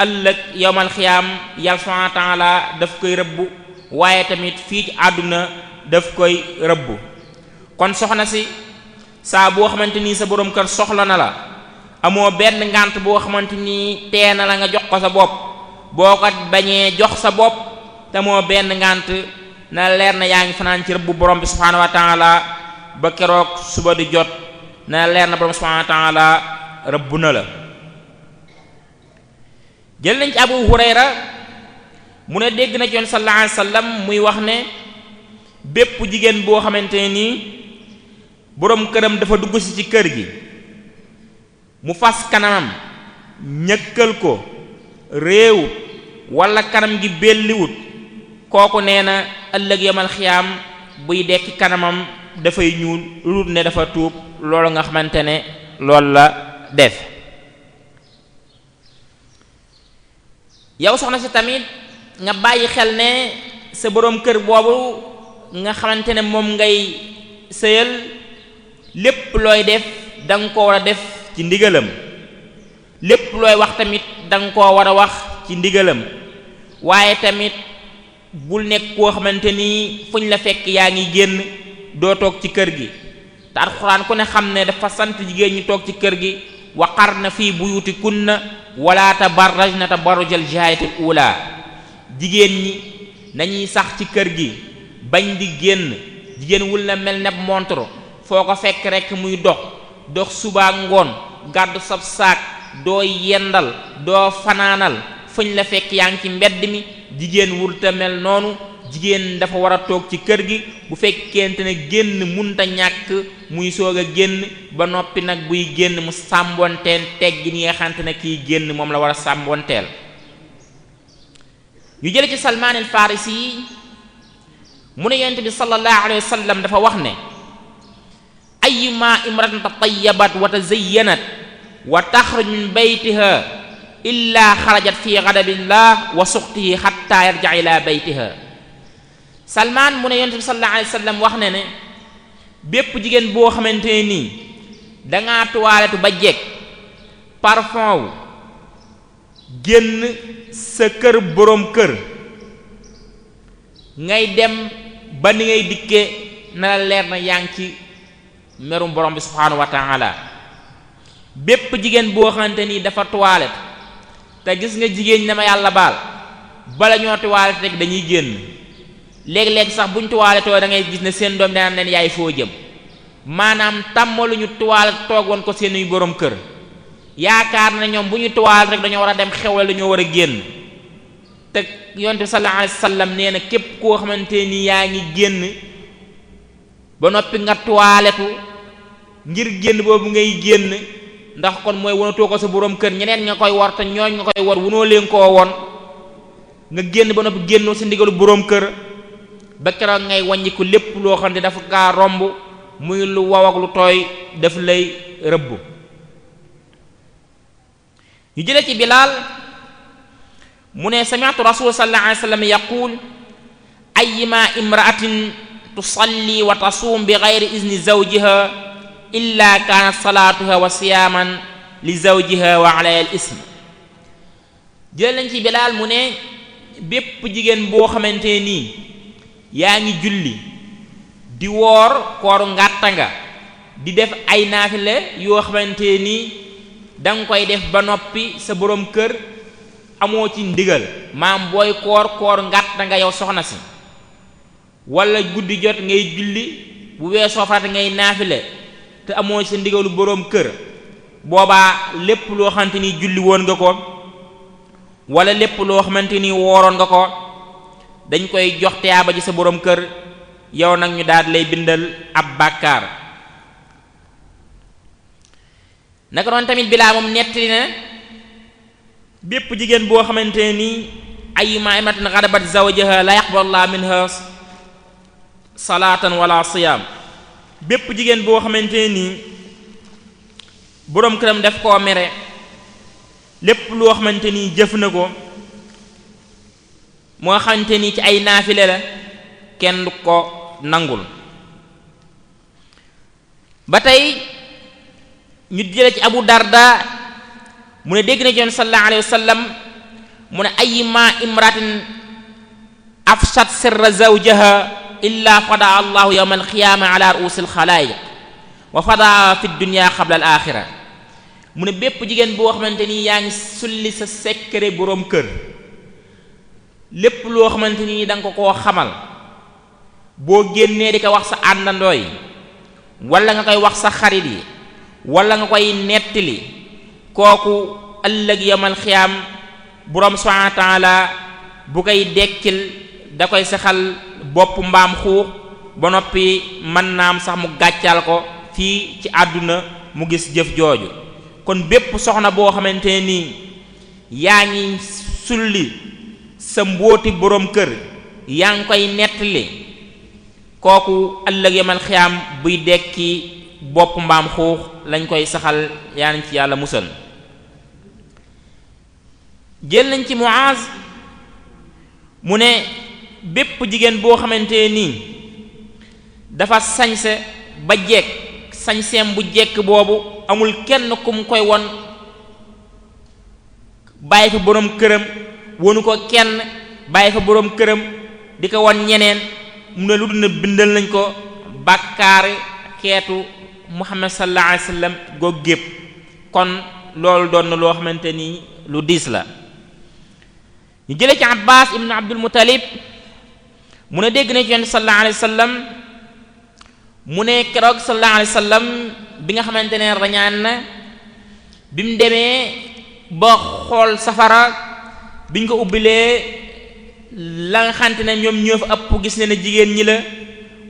ëllëg yowmal xiyaam yàlla subhaanahu wa ta'aala koy rëbb waaye tamit fii ci àdduna daf koy rëbb kon soxna si saa boo xamante nii sa boroom kër soxla na la amoo benn ngànt boo xamante nii tee na la nga jox ko sa bopp boo ko bañee jox sa bopp te moo benn ngànt na leer na yaa ngi fanaan ci bu borom bi subhaanahu wa ta'aala ba keroog suba di jot na leer na borom subhaanahu wa rëbb na la jël nañ ci abu hurayra mu ne dégg na ci yoon sallallahu alayhi muy wax ne bépp jigéen boo xamante ne nii boroom këram dafa duggsi ci kër gi mu fas kanamam ñëkkal ko réew wala kanam gi belliwut kooku nee na ëllëg yamal xiyaam buy dekki kanamam dafay ñuul lu ne dafa tuub loolu nga xamante ne loolu la defe yow soxna si tamit nga bàyyi xel ne sa boroom kër boobu nga xamante ne moom ngay sëyal lépp looy def danga ko war a def ci ndigalam lépp looy wax tamit danga koo war a wax ci ndigalam waaye tamit bul nekk koo xamante ni fuñ la fekk yaa ngi génn doo toog ci kër gi te ku ne xam ne dafa sant jigéen ñi toog ci kër gi waqarna fii buyutikunna wala tabarrajna tabarrujal jaayatil ula jigéen ñi nañuy sax ci kër gi bañ di génn jigéen wul mel neb montre foo ko fekk rekk muy dox dox subaa ngoon gàddu sab saak doo yendal doo fanaanal fuñ la fekk yaa ngi ci mbedd mi jigéen wul te mel noonu jigéen dafa war a toog ci kër gi bu fekkente ne génn munta ñàkk muy soog a génn ba noppi nag buy génn mu sàmbonteel teggi ni nga ne kiy génn moom la war a sàmbonteel ñu jële ci Salmaan al Farisi yi mu ne yonent bi sallallahu alayhi wa dafa wax ne ayyuma imratin tatayyabat wa tazayyanat wa taxruj min baytiha illa xarajat fi ghadabillah wa suxtihi xatta yarja ila baytiha salmaan mu ne yonent bi sallallahu alayhi wax ne ne bépp jigéen boo xamante nii dangaa tuwaaletu ba jekk parfum wu génn sa kër boroom kër ngay dem ba ni ngay dikke na la leer na yaa ngi ci merum borom bi subhaanahu wa bépp jigéen boo xamante nii dafa tuwaaletu te gis nga jigéen ñi dama yàlla baal bala ñoo tuwaaletu rek dañuy génn léeg-léeg sax buñ tuwaale too dangay gis ne seen doom dana leen yaay foo jëm maanaam tàmmaluñu tuwaal toog woon ko seen boroom kër yaakaar na ñoom bu ñu tuwaal rek dañoo war a dem xew xewle dañoo war a génn te yonte bi sallallahu alayhi wasallam nee na képp koo xamante nii yaa ngi génn ba noppi nga tuwaaletu ngir génn boobu ngay génn ndax kon mooy wonatoo ko sa boroom kër ñeneen nga koy war te ñooñ nga koy wor wunoo leen koo woon nga génn ba noppi génnoo sa ndigalu borom kër ba keroog ngay wàññiku lépp loo xam ne dafa kaa romb muy lu waw ak lu tooy daf lay rëbb ñu jëlee ci bilaal mu ne sami'tu rasul sallallahu alayhi wa sallam yaqul ayyuma imra'atin tusalli li zawjiha wa alayha al ism jëlee lañ ci bilaal mu ne bépp jigéen boo xamante nii yaa ngi julli di woor kooru ngàtta nga di def ay naafile yoo xamante ni danga koy def ba noppi sa boroom kër amoo ci ndigal maam booy koor kooru ngàtta nga yow soxna si wala guddi jot ngay julli bu weesoo farata ngay naafile te amoo ci sa ndigalu boroom kër booba lépp loo xamante ni julli woon nga ko wala lépp loo xamante ni wooroon nga ko dañ koy jox tiyaaba ji sa boroom kër yow nag ñu daal di lay bindal ab bàkkaar naka noonu tamit bilaa moom netti na bépp jigéen boo xamante ne nii ayyuma imratin ghadabat zawjaha la yaqbalullah minha salaatan wala siyaam bépp jigéen boo xamante nii boroom këram def koo mere lépp loo xamante nii jëf na ko moo xamante nii ci ay naafile la kenn du ko nangul ba tey ñu jële ci abu darda mu ne dégg na ci yoon mu ne ayima imratin afshat sirra zawjaha illa fadaa allahu yowma alqiyaama ala ruusil xalaayiq wa fadaa fi dunia qabla al mu ne bépp jigéen boo xamante ni yaa ngi sulli sa secret boroom kër lépp loo xamante ni da nga ko koo xamal boo génnee di ko wax sa àndandoo yi walla nga koy wax sa xarit yi walla nga koy nettali kooku ëllëg yamal xiyaam boroom subhaanahu wa bu koy dekkil da koy saxal boppu mbaam xuux ba noppi mën naam sax mu gàccal ko fii ci àdduna mu gis jëf jooju kon bépp soxna boo xamante nii yaa ngi sulli sa mbóoti boroom kër yaa ngi koy nettali kooku ëllëg yamal xiyaam buy dekki bopp mbaam xuux lañ koy saxal yaa nañ ci yàlla musal jël nañ ci Muaz mu ne bépp jigéen boo xamante nii dafa sañse ba jekk sañseem bu jekk boobu amul kenn ku mu koy won bàyyi fa boroom këram wonu ko kenn bàyyi fa boroom këram di ko wan ñeneen mu ne lu dina bindal nañ ko bàkkaari xeetu muhammad sallallahu alayhi wasallam goog gépp kon loolu doon na loo xamante ni lu diis la ñu jëlee ci abbas ibnu abdul muttalib mu ne dégg na ci yonent sallallahu alayhi wasallam mu ne keroog sallallahu alayhi wasallam bi nga xamante ne rañaan na bi mu demee ba xool safara biñ ko ubbilee la nga xamante ne ñoom ñoo fa ëpp gis ne ne jigéen ñi la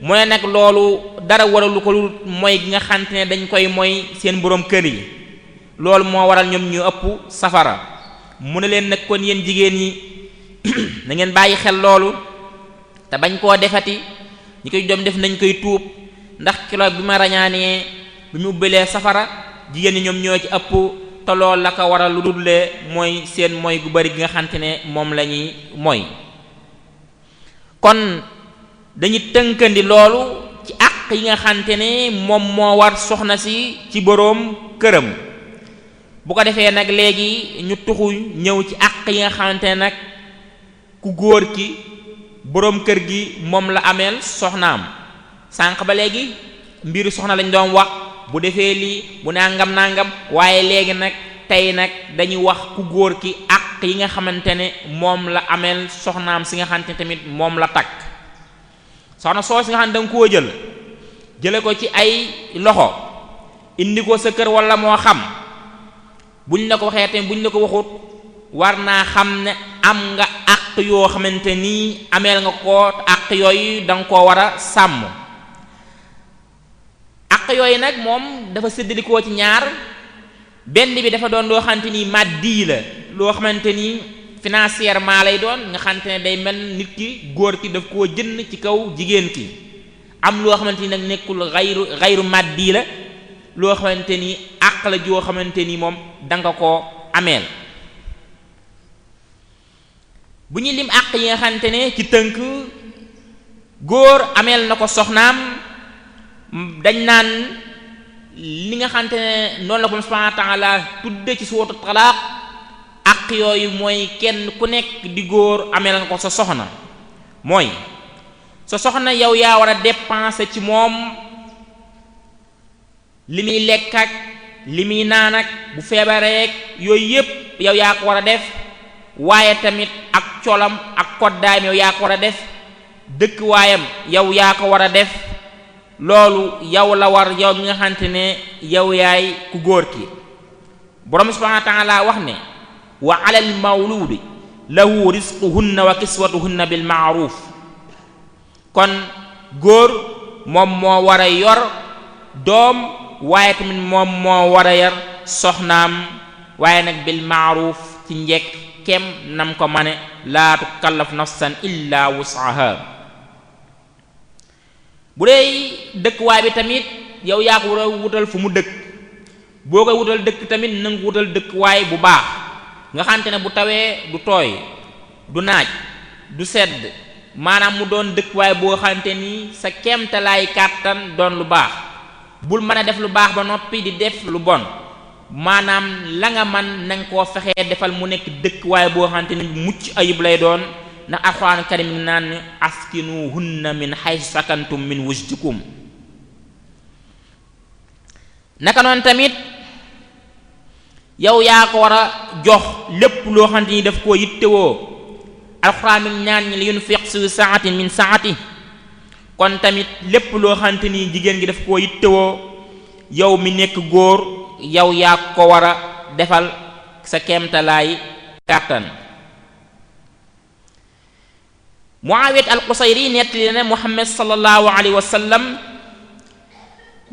mu ne nag loolu dara waralu ko lu mooy gi nga xamante ne dañ koy mooy seen boroom kër yi loolu moo waral ñoom ñu ëpp safara mu ne leen nag kon yéen jigéen ñi na bàyyi xel loolu te bañ koo defati ñi koy doom def nañ koy tuub ndax kilo bi ma rañaanee bi mu ubbilee safara jigéen ñi ñoom ñoo ci ëpp te loolu la ko waral lu dul mooy seen mooy gu bari gi nga xante ne moom la ñuy mooy kon dañuy tënkandi loolu ci àq yi nga xante ne moom moo war soxna si ci boroom këram bu ko defee nag léegi ñu tuxu ñëw ci àq yi nga xamante ne nag ku góor ki boroom kër gi moom la ameel soxnaam sànq ba léegi mbiru soxna lañ doon wax. bu defee lii bu nangam nangam waaye léegi nag tey nag dañuy wax ku góor ki ak yi nga xamante ne moom la ameel soxnaam si nga xamante ne tamit moom la takk soxna soo si nga xam ne koo jël jële ko ci ay loxo indi ko sa kër wala moo xam buñ la ko waxee tamit buñ la ko waxut war naa xam ne am nga àq yoo xamante nii ameel nga ko àq yooyu da nga koo war a sàmm àq yooyu nag moom dafa séddalikoo ci ñaar benn bi dafa doon loo xamante ni maddi la loo xamante ni financièrement lay doon nga xamante ne day mel nit ki góor ki daf koo jënd ci kaw jigéen ki am loo xamante ni nag nekkul xayru xayru maddi la loo xamante ni àq la joo xamante ni moom danga ko ameel bu ñu lim àq yi nga xamante ne ci tënk góor ameel na ko soxnaam dañ naan li nga xamante ne noonu la borom subhanahu wa ta'ala tudde ci suuratu talaaq ak yooyu mooy kenn ku nekk di góor amee lan ko sa soxna mooy sa soxna yow yaa war a dépenser ci moom li muy lekk ak li muy naan ak bu feebareek yooyu yépp yow yaa ko war a def waaye tamit ak colam ak koddaayam yow yaa ko war a def dëkk waayam yow yaa ko war a def loolu yow la war yow mi nga xamante ne yow yaay ku góor ki borom subhanahu ta'ala wax ne wa alal mawludi lahu rizquhunna wa kiswatuhunna bil ma'ruf kon góor moom moo war a yor doom waaye tamit moom moo war a yor soxnaam waaye nag bil ma'ruf ci njekk kem nam ko mane laa tukallaf nafsan illa wus'aha bu dee dëkkuwaay bi tamit yow yaa ko war wutal fu mu dëkk boo koy wutal dëkk tamit na wutal dëkkuwaay bu baax nga xamante ne bu tawee du tooy du naaj du sedd maanaam mu doon dëkkuwaay boo xamante ni sa kemtalaay kàttan doon lu baax bul mën a def lu baax ba noppi di def lu bon maanaam la nga man na nga koo fexee defal mu nekk dëkkuwaay boo xamante ni mucc ayub lay doon ndax alxuraanu karim ni naan ni askinuhunna min xaysu sakantum min wujdikum naka noonu tamit yow yaa ko war a jox lépp loo xamante ni daf koo yittewoo alxuraan mi ñaan ñi li yunfiq su saatin min saati kon tamit lépp loo xamante ni jigéen gi daf koo yittewoo yow mi nekk góor yow yaa ko war a defal sa kemtalaay kàttan Muawiyat al-Qusayri nettali na ne Muhammad sallallahu alayhi wa sallam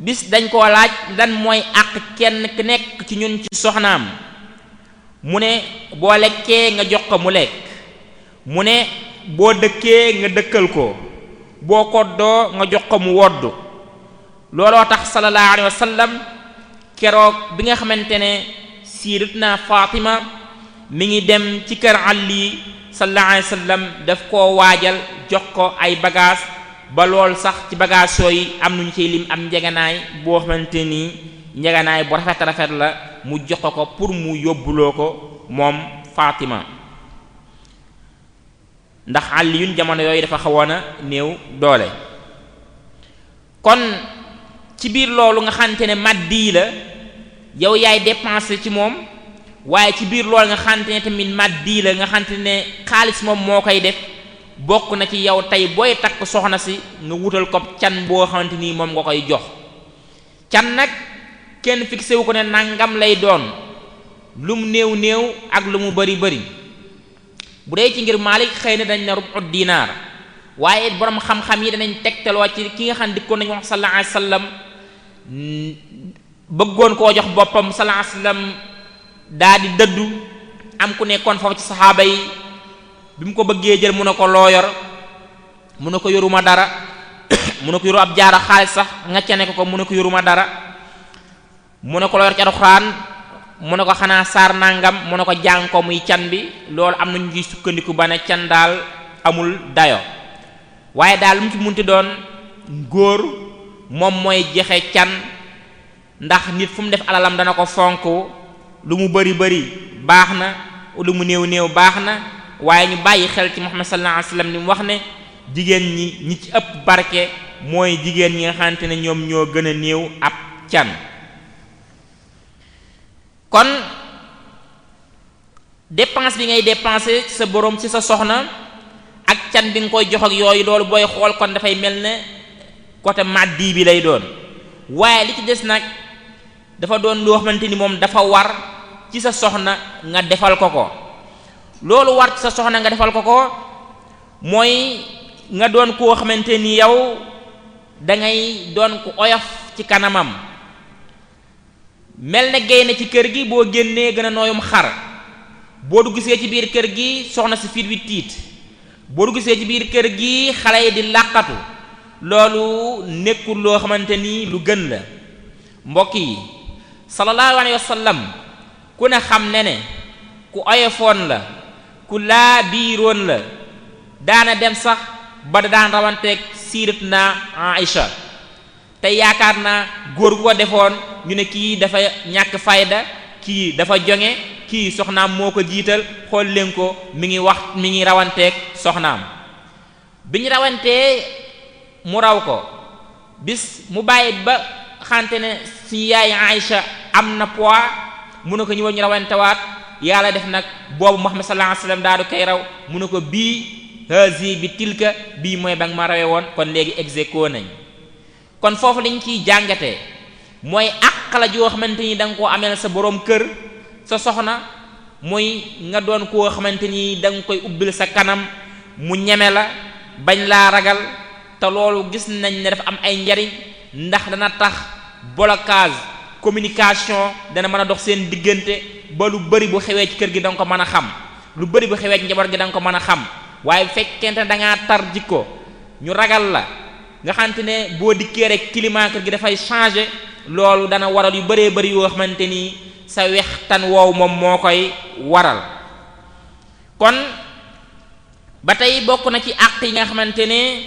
bis dañ koo laaj lan mooy àq kenn ku nekk ci ñun ci soxnaam mu ne boo lekkee nga jox ko mu lekk mu ne boo dëkkee nga dëkkal ko boo koddoo nga jox ko mu wodd looloo tax sallallahu alayhi wa sallam keroog bi nga xamante ne siiratna Fatima mu ngi dem ci kër Ali sallallahu alayhi wasallam daf koo waajal jox ko ay bagaas ba lool sax ci bagage yooyu am nuñ ciy lim am njeganaay boo xamante ni njeganaay bu rafet rafet la mu jox ko pour mu yóbbuloo ko moom Fatima ndax àll yuñ jamono yooyu dafa xawoon a néew doole kon ci biir loolu nga xamante ne maddi la yow yaay dépenser ci moom waaye ci biir lool nga xamante ne tamit maddi la nga xamante ne xaalis moom moo koy def bokk na ci yow tey booy takk soxna si nga wutal ko can boo xamante nii moom nga koy jox can nag kenn fixé wu ko ne nangam lay doon lu mu néew néew ak lu mu bari bari bu dee ci ngir Maalik xëy na dañ ne rubu dinaar waaye boroom xam-xam yi danañ tegtaloo ci ki nga xam dikkoon nañu wax sallallahu alayhi wasallam bëggoon koo jox boppam sallallahu daa di dëddu am ku nekkoon foofu ci saxaaba yi bi mu ko bëggee jël mu ne ko loo yor mu ne ko yoruma dara mu ne ko yoru ab jaara xaalis sax nga ca nekk ko mu ne ko yoruma dara mu ne ko loo yor ci alxuraan mu ne ko xanaa saar nàngam mu ne ko jàng ko muy can bi loolu am nañu ngi sukkandiku ba ne can daal amul dayo waaye daal mu ci munti doon góor moom mooy jexe can ndax nit fu mu def alalam dana ko fonk lu mu bari bari baax na lu mu néew néew baax na waaye ñu bàyyi xel ci Muhammad sallallahu alayhi wasallam ni mu wax ne jigéen ñi ñi ci ëpp barke mooy jigéen ñi nga xamante ne ñoom ñoo gën néew ab can kon dépense bi ngay dépenser sa borom ci sa soxna ak can bi nga koy jox ak yooyu loolu booy xool kon dafay mel ne côté maddi bi lay doon waaye li ci des nag dafa doon loo xamante ni moom dafa war ci sa soxna nga defal ko ko loolu war ci sa soxna nga defal ko ko mooy nga doon koo xamante ni yow dangay doon ku oyof ci kanamam mel na gaynde ci kër gi boo génnee gën a nooyum xar boo du gisee ci biir kër gi soxna si fiit wi tiit boo du gisee ci biir kër gi xale yi di làqatu loolu nekkul loo xamante ni lu gën la mbokk yi sallallahu alayhi wa sallam ku ne xam ne ne ku oyofoon la ku laa biiroon la daana dem sax ba daan rawanteeg siirat naa Aïcha te yaakaar naa góor gu ko defoon ñu ne kii dafa ñàkk fayda kii dafa joŋe kii soxnaam moo ko jiital xool leen ko mi ngi wax mi ngi rawanteeg soxnaam bi ñu rawantee mu raw ko bis mu bàyyi ba xante ne si yaay Aïcha am na pois mu ne ko ñëwal ñu rawantewaat yàlla def nag boobu Muhammad sallallahu alayhi wasallam daadu koy raw mu ne ko bii hazi bi tilka bii mooy ba nga ma rawee woon kon léegi execo nañ kon foofu lañ ciy jàngatee mooy àq la joo xamante ni da nga amee ameel sa boroom kër sa soxna mooy nga doon koo xamante ni danga koy ubbil sa kanam mu ñeme la bañ laa ragal te loolu gis nañ ne dafa am ay njariñ ndax dana tax bolo blocage communication dana mën a dox seen diggante ba lu bëri bu xewee ci kër gi da ko mën a xam lu bari bu xewee ci njaboot gi danga ko mën a xam waaye bu fekkente ne da tar jikko ñu ragal la nga xamante ne boo dikkee rek climat kër gi dafay changer loolu dana waral yu bëree bëri yoo xamante ni sa wextan woow moom moo koy waral kon ba tey bokk na ci àq yi nga xamante ne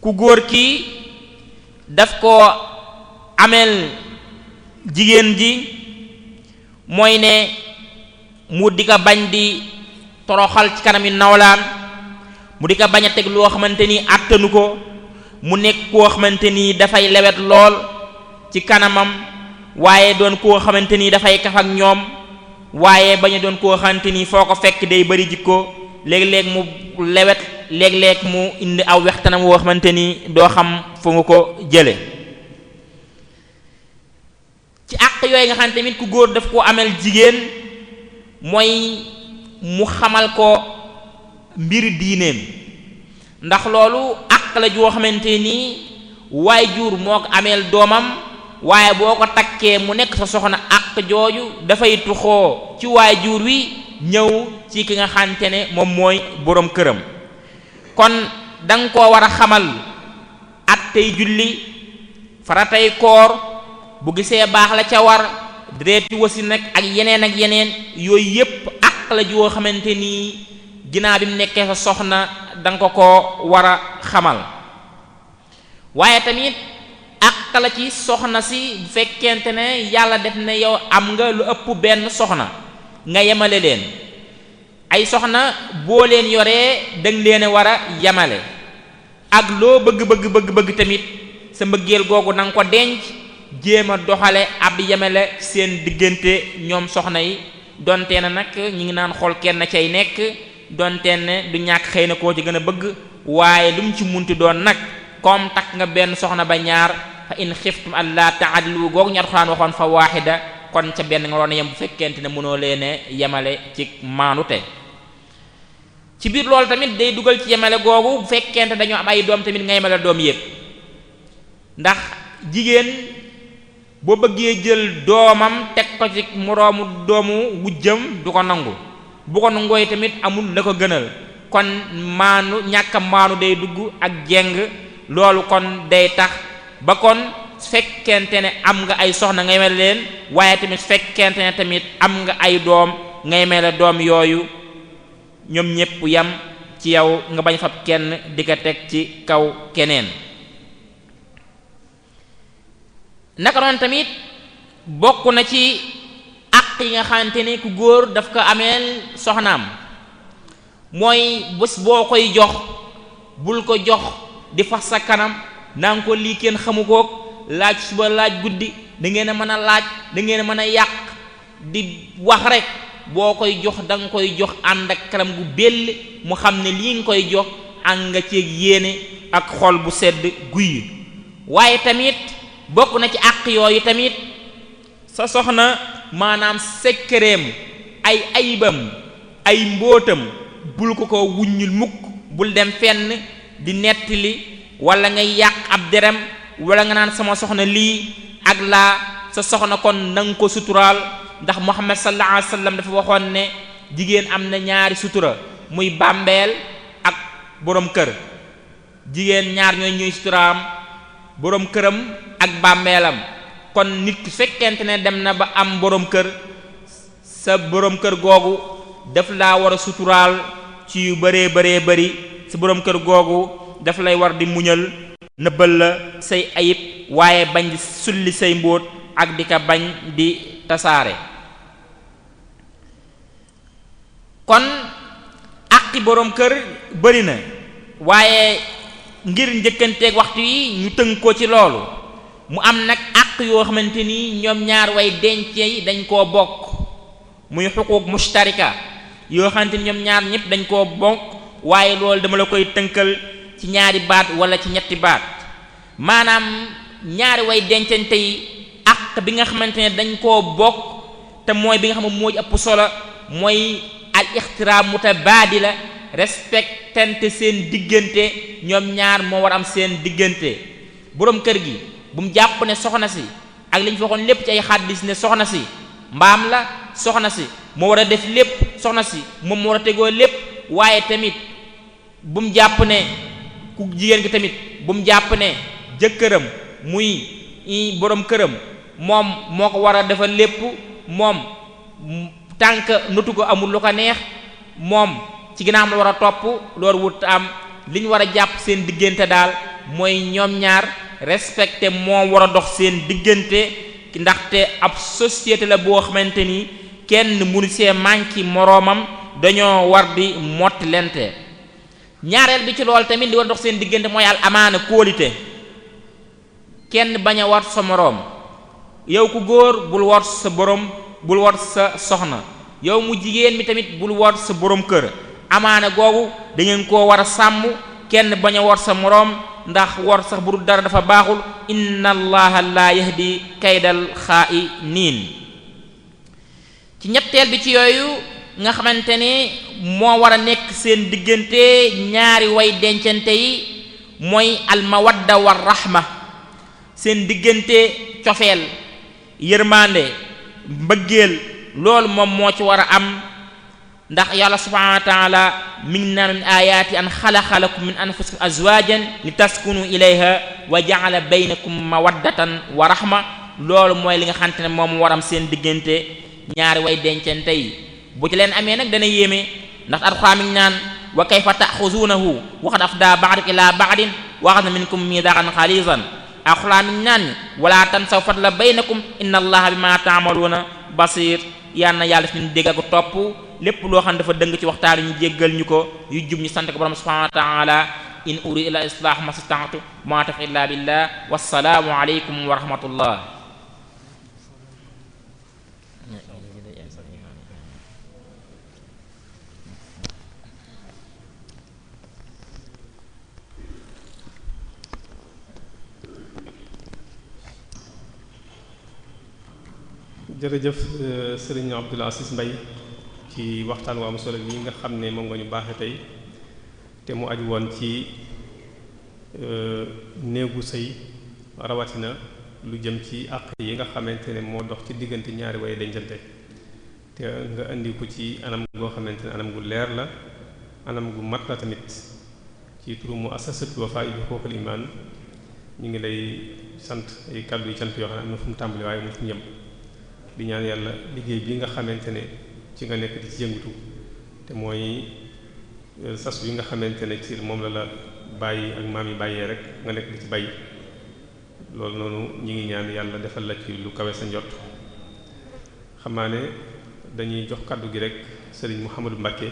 ku góor ki daf ko ameel jigéen ji mooy ne mu di ko bañ di toroxal ci kanam kanami nawlaan mu di ko bañ a teg loo xamante ni àttanu ko mu nekk koo xamante ni dafay lewet lool ci kanamam waaye doon koo xamante ni dafay kaf ak ñoom waaye bañ doon koo xamante ni foo ko fekk day bari jikko léeg-léeg mu lewet léeg-léeg mu indi aw wextanam woo xamante ni doo xam fu nga ko jële ci àq yooyu nga xam tamit ku góor daf koo amel jigéen mooy mu xamal ko mbir diineem ndax loolu àq la joo xamante nii waay jur moo ko ameel doomam waaye boo ko takkee mu nekk sa soxna àq jooju dafay tuxoo ci waay jur wi ñëw ci ki nga xamante ne moom mooy boroom këram kon danga ko war a xamal at julli faratay koor bu gisee baax la ca war dreeti wasi nag ak yeneen ak yeneen yooyu yépp àq la ji woo xamante nii ginaar bi mu nekkee sa soxna danga ko ko war a xamal waaye tamit àq la ci soxna si bu fekkente ne yàlla def ne yow am nga lu ëpp benn soxna nga yemale leen ay soxna boo leen yoree danga leen war a yemale ak loo bëgg bëgg bëgg bëgg tamit sa mbëggeel googu na ko denc jéem a doxale ab yemale seen diggante ñoom soxna yi donte na nag ñu ngi naan xool kenn cay nekk donte ne du ñàkk xëy na koo ci gën a bëgg waaye lu mu ci munti doon nag comme takk nga benn soxna ba ñaar fa in xiftum alla ta'adlu goog ñu alxuraan waxoon fa waaxida kon ca benn nga waroon a yem bu fekkente ne mënoo leen yemale ci maanute ci biir loolu tamit day dugal ci yemale googu bu fekkente dañoo am ay doom tamit nga yemale doom yépp ndax boo bëggee jël doomam teg ko ci moroomu doomu wujjam du ko nangu bu ko nangooy tamit amul la ko gënal kon maanu ñàkk maanu day dugg ak jeng loolu kon day tax ba kon fekkente ne am nga ay soxna ngay mel leen waaye tamit fekkente ne tamit am nga ay doom ngay mel doom yooyu ñoom ñépp yam ci yow nga bañ fab kenn di ko teg ci kaw keneen naka noonu tamit bokk na ci àq yi nga xamante ne ku góor daf ko ameel soxnaam mooy bés boo koy jox bul ko jox di fax sa kanam naa ko lii kenn xamu koog laaj suba laaj guddi da ngeen a mën a laaj da ngeen mën a yàq di wax rek boo koy jox da koy jox ànd ak kanam gu bell mu xam ne lii nga koy jox ànd nga ceeg yéene ak xool bu sedd guy waaye tamit bokk na ci àq yooyu tamit sa soxna maanaam sekkereem ay ayibam ay mbóotam bul ko ko wuññul mukk bul dem fenn di nettali walla ngay yàq ab deram wala nga naan sama soxna lii ak laa sa soxna kon nanga ko suturaal ndax Muhammad sallallahu alayhi wasallam dafa waxoon ne jigéen am na ñaari sutura muy bàmbeel ak boroom kër jigéen ñaar ñooy ñuy suturaam boroom këram ak bàmmeelam kon nit ku fekkente ne dem na ba am boroom kër sa boroom kër googu daf laa war a suturaal ci yu bëree bëree bëri sa boroom kër googu daf lay war di muñal nëbbal la say ayib waaye bañ di sulli say mbóot ak di ka bañ di tasaare kon àqi boroom kër bari na waaye ngir njëkkanteeg waxtu yi ñu tënk ko ci loolu mu am nag àq yoo xamante ni ñoom ñaar way dencee yi dañ koo bokk muy xuquuq mushtarika yoo xamante ni ñoom ñaar ñëpp dañ koo bokk waaye loolu dama la koy tënkal ci ñaari baat wala ci ñetti baat maanaam ñaari way dencante yi àq bi nga xamante ne dañ koo bokk te mooy bi nga xam ne moo ëpp solo mooy al ixtiraam mutabaadila respectante seen diggante ñoom ñaar moo war am seen diggante boroom kër gi bu mu jàpp ne soxna si ak li ñu waxoon lépp ci ay xaddis ne soxna si mbaam la soxna si moo war a def lépp soxna si moom moo war a tegoo lépp waaye tamit bu mu jàpp ne ku jigéen gi tamit bu mu jàpp ne jëkkëram muy boroom këram moom moo ko war a defal lépp moom tànk notu ko amul lu ko neex moom ci ginnaaw am war a topp door wut am li ñu war a jàpp seen diggante daal mooy ñoom ñaar respecté moo war a dox seen diggante ndaxte ab société la boo xamante ni kenn mënu see manqué moroomam dañoo war di mott lente ñaareel bi ci lool tamit di war a dox seen diggante mooy al amaana kóolite kenn bañ a war sa moroom yow ku góor bul war sa borom bul war sa soxna yow mu jigéen mi tamit bul war sa boroom kër amaana googu da ko war a sàmm kenn bañ a war sa moroom ndax war sa bu dara dafa baaxul inna allaha laa yahdi kaydal xaa'iniin ci ñetteel bi ci yooyu nga xamante ne moo war a nekk seen diggante ñaari way dencante yi mooy almawadda war rahma seen diggante cofeel yërmande mbëggeel loolu moom moo ci war a am ndax yàlla subhanahu wa taala min ngi naan min ayaati an xalaqa lakum min anfusikum azwajan li taskunu ilayha wa ja'ala baynakum mawaddatan wa rahma lool mooy li nga xamante ne moom waram seen diggante ñaari way dencante yi bu ci leen amee nag dana yéeme ndax alxuraan mi ngi naan wa kayfa ta'xuzunahu wa qad afdaa ba'dukum ilaa ba'din wa minkum miithaqan ghaliizan alxuraan mi ngi naan wala tansaw fadla baynakum inna allaha bima ta'maluuna basiir yal na yàlla def ñu dégg ak lépp loo xam dafa dëng ci waxtaan ñu jéggal ñu ko yu jub ñu sant ko borom subhanahu wa ta'ala in uri ila islah ma stata'tu ma tawfiq illa billah wassalaamu aleykum wa rahmatullah jërëjëf euh, Serigne Abdoul Aziz ci waxtaan waa mu solo bi nga xam ne moom nga ñu baaxe tey te mu aju woon ci euh, néegu sëy rawatina lu jëm ci àq yi nga xamante ne moo dox ci diggante ñaari way dencante te nga indi ko ci anam goo xamante ne anam gu leer la anam gu mat la tamit ci turu mu asasatu Wafa bi xookal imaan ñu ngi lay sant ay kàddu yu yoo xam ne am na fu mu tàmbali waaye mu fi mu yem di ñaan yàlla liggéey bi nga xamante ne ci nga nekk di ci yëngatu te mooy euh, sas bi nga xamante ne moom la la bàyyi ak maam yi bàyyee rek nga nekk di ci ngi ñaan yàlla defal la lu kawe sa njot xam naa ne dañuy jox kàddu gi rek sëriñ Mouhamadou Mbacké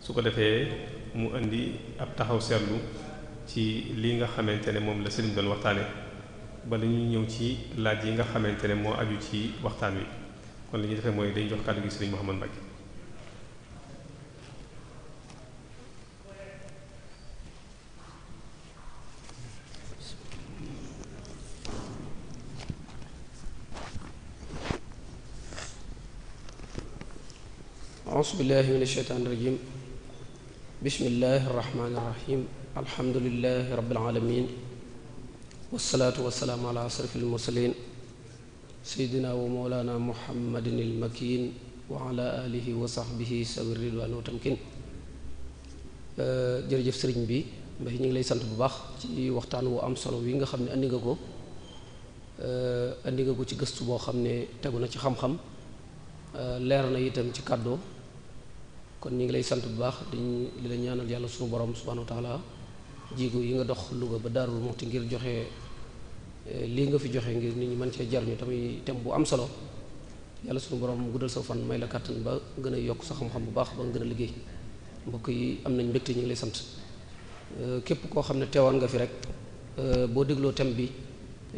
su ko defee mu indi ab taxaw seetlu ci li nga xamante ne moom la sëriñ doon waxtaane ba dañuy ñëw ci laaj yi nga xamante ne moo aju ci waxtaan wi kon li ñuy defee mooy dañu jox kàddu gi Sëriñ Mouhamadou Mbacké أعوذ بالله من الشيطان الرجيم بسم الله الرحمن الرحيم الحمد لله رب العالمين والصلاة والسلام على أشرف المرسلين seydina wa mawlana muhammadin il makin wa ala alihi wa sahbihi sawi ridwan wa tamkin euh, jërëjëf sëriñ bi mbay ñu ngi lay sant bu baax ci waxtaan wu am solo wi nga xam ne andi nga ko euh, andi nga ko ci gëstu boo xam ne tegu na ci xam-xam euh, leer na itam ci kàddoo kon ñu ngi lay sant bu baax dañ di la ñaanal yàlla suñu borom subhanahu wa taala yi nga dox luga ba Daarul Muxti ngir joxe Euh, lii nga fi joxe ngir nit ñi mën cee jariñu tamit thème bu am solo yàlla suñu borom mu guddal sa fan may la kàttan ba gën a yokk sa xam-xam bu baax ba nga gën a liggéey mbokk yi am nañ mbégte ñu ngi lay sant euh, képp koo xam ne teewaan nga fi rek euh, boo dégloo thème bi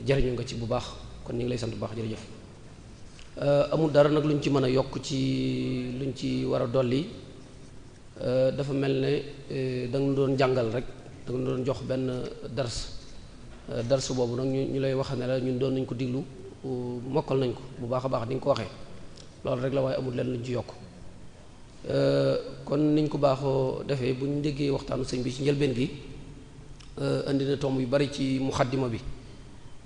jariñu nga ci bu baax kon ñu ngi lay sant bu baax jërëjëf amul dara nag luñ ci mën a yokk ci lu luñ ci war a dolli dafa mel ne da nga doon jàngal rek da nga doon jox benn dars darsu boobu nag ñu ñu lay wax ne la ñun doon nañ ko diglu mokkal nañ ko bu baax a baax ni nga ko waxee loolu rek la waaye amul lenn luñ ji yokk euh, kon niñ ko baaxoo defee bu ñu déggee waxtaanu sëñ bi ci njëlbeen gi indi euh, na tomb yu bari ci muxaddima bi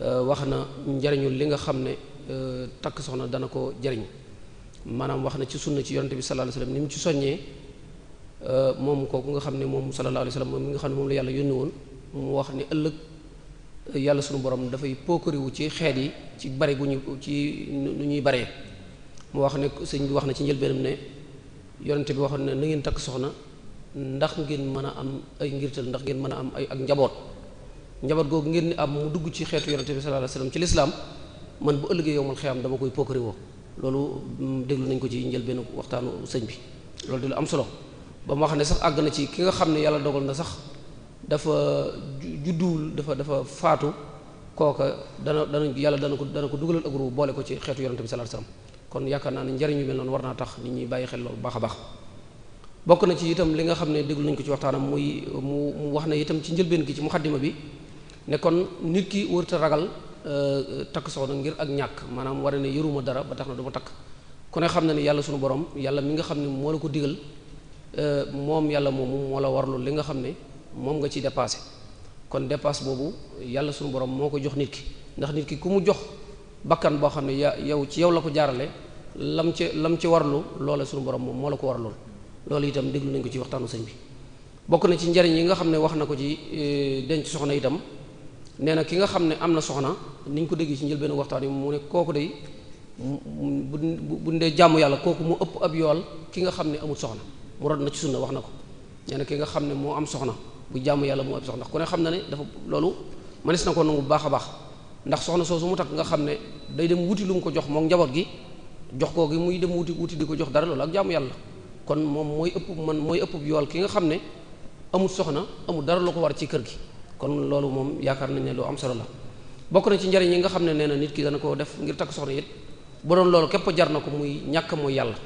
euh, wax na njariñu li nga xam ne takk soxna dana ko jariñ maanaam wax na ci sunna ci yonante bi sallallahu alayhi wasallam ni mu ci soññee moom kooku nga xam ne moom sallallahu alayhi wasallam moom mi nga xam ne moom la yàlla yónni woon mu wax ni ëllëg yàlla sunu borom dafay pokkariwu ci xeet yi ci bari gu ñu ci nu ñuy baree mu wax ne sëñ bi wax na ci njëlbeenam ne yonente bi waxoon ne na ngeen takk soxna ndax ngeen mën a am ay ngirtal ndax ngeen mën a am ay ak njaboot njaboot googu ngeen ni am mu dugg ci xeetu yonente bi sallallahu alayhi wasallam ci lislaam man bu ëllëgee yowmal xiyaam dama koy pokkariwoo loolu déglu nañ ko ci njëlbeenu waxtaanu sëñ bi loolu di lu am solo ba mu wax ne sax àgg na ci ki nga xam ne yàlla sax dafa judduwul dafa dafa faatu kooka dana dana yàlla dana ko dana ko dugalal ak ruu boole ko ci xeetu yonante bi sallallahu alayhi kon yaakaar naa ne njariñ yu mel noonu war naa tax nit ñi bàyyi xel loolu baax a baax bokk na ci itam li nga xam ne déglu nañ ko ci waxtaanam muy mu mu wax na itam ci njëlbeen gi ci muxaddima bi ne kon nit ki wërta ragal euh, takk soxna ngir ak ñàkk maanaam war ne yëruma dara ba tax na du ma takk ku ne xam na ne yàlla suñu borom yàlla mi nga xam ne moo la ko digal euh, moom yàlla moomu moo la li nga xam ne moom nga ci dépassé kon dépasse boobu yàlla sunu borom moo ko jox nit ki ndax nit ki ku mu jox bakkan boo xam ne ya yow ci yow la ko jaarale lam ci lam ci warlu loola suñu borom moom moo la ko warlul loolu itam déglu nañ ko ci waxtaanu sëñ bi bokk na ci njariñ yi nga xam ne wax na ko ci e, denc soxna itam nee na ki nga xam ne am na soxna ni ko déggee ci njëlbéenu waxtaan yi mu ne kooku day dee jàmm yàlla kooku mu ëpp ab yool ki nga xam ne amul soxna mu na ci sunna wax na ko nee na ki nga xam ne moo am soxna bu jàmm yàlla mu ab soxna ndax ku ne xam na ne dafa loolu mënees na ko nangu bu baax a baax ndax soxna soosu mu takk nga xam ne day dem wuti lu mu ko jox moom njaboot gi jox koo gi muy dem wuti wuti di ko jox dara loolu ak jaamu yàlla kon moom mooy ëpp man mooy ëpp yool ki nga xam ne amul soxna amul dara lu ko war ci kër gi kon loolu moom yaakaar nañ ne lu am solo la bokk na ci njariñ yi nga xam ne nee na nit ki dana ko def ngir takk soxna it bu loolu képp jar na ko muy ñàkk mooy yàlla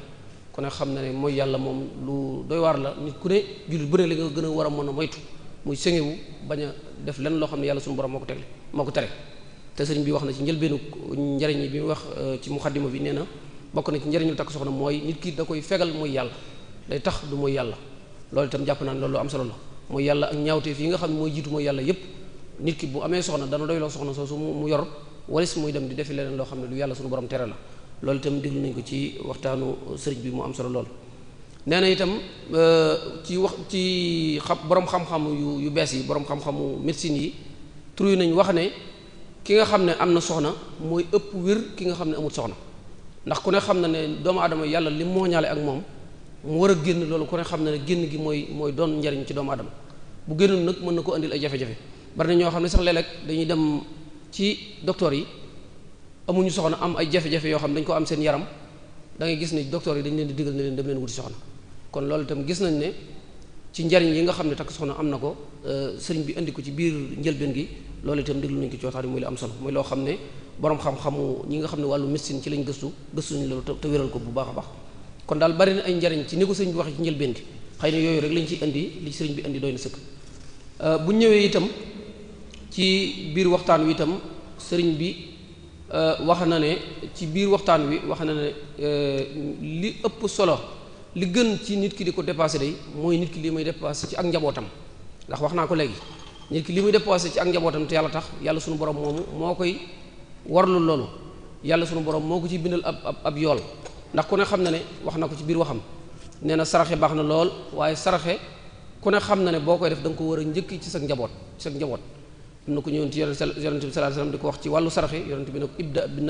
ku ne xam na ne mooy yàlla moom lu doy waar la nit ku ne jullit bu ne li nga gën a war a mën a moytu muy sëngewu bañ a def lenn loo xam ne yàlla suñu borom moo ko tegle moo ko tere te sëriñ bi wax na ci njëlbeenu njariñ bi mu wax euh, ci muxaddima bi nee na bokk na ci njariñul takk soxna mooy nit ki da koy fegal mooy yàlla day tax du mooy yàlla loolu itam jàpp naa ne am solo la mooy yàlla ak ñaawteef yi nga xam ne mooy jiitu mooy yàlla yépp nit ki bu amee soxna dana doyloo soxna soosu mu yor walis muy dem di defi leneen loo xam ne lu yàlla suñu borom tere la loolu itam déglu nañ ko ci waxtaanu sëriñ bi mu am solo loolu nee na itam euh, ci wax ci xam borom xam-xam yu yu bees yi borom xam-xamu médecine yi trouvé nañ wax ne ki nga xam ne am na soxna mooy ëpp wér ki nga xam ne amul soxna ndax ku ne xam na ne doomu adama yàlla li mooñaale ak moom mu war a génn loolu ku ne xam na ne génn gi mooy mooy doon njariñ ci doomu aadama bu génnul nag mën na ko indil ay jafe-jafe bari na ñoo xam ne sax léeg-léeg dañuy dem ci docteur yi amuñu soxna am ay jafe-jafe yoo xam dañ ko am seen yaram da ngay gis ne docteur yi dañ di digal ne leen dem leen wuti soxna kon loolu itam gis nañ ne ci njariñ yi nga xam ne takk soxna am na ko euh, sëriñ bi indi ko ci biir njëlbeen gi loolu itam déglu nañ ko ci waxtaan muy am solo muy loo xam ne borom xam-xamu ñi nga xam ne wàllu médecine ci lañ gëstu gëstu ñu loolu te wéral ko bu baax a baax kon daal bari na ay njariñ ci ni ko sëriñ bi waxee ci njëlbeen gi xëy na yooyu rek lañ ciy indi li ci sëriñ bi indi doy na sëkk euh, bu ñëwee itam ci biir waxtaan wi itam sëriñ bi euh, wax na ne ci biir waxtaan wi wax na ne li ëpp solo li gën ci nit ki di ko dépassé day mooy nit ki li muy dépassé ci ak njabootam ndax wax naa ko léegi nit ki li muy dépassé ci ak njabootam te yàlla tax yàlla sunu borom moomu moo koy warlu loolu yàlla sunu borom moo ko ci bindal ab ab ab yool ndax ku ne xam na ne wax na ko ci biir waxam nee na saraxe baax na lool waaye saraxe ku ne xam na ne boo koy def da nga ko war a njëkk ci sa njaboot ci sa njaboot am na ko ñëwoon ci yonent bi sallallahu alayhi wasallam di ko wax ci wàllu saraxe yonent bi ne ko ibda bi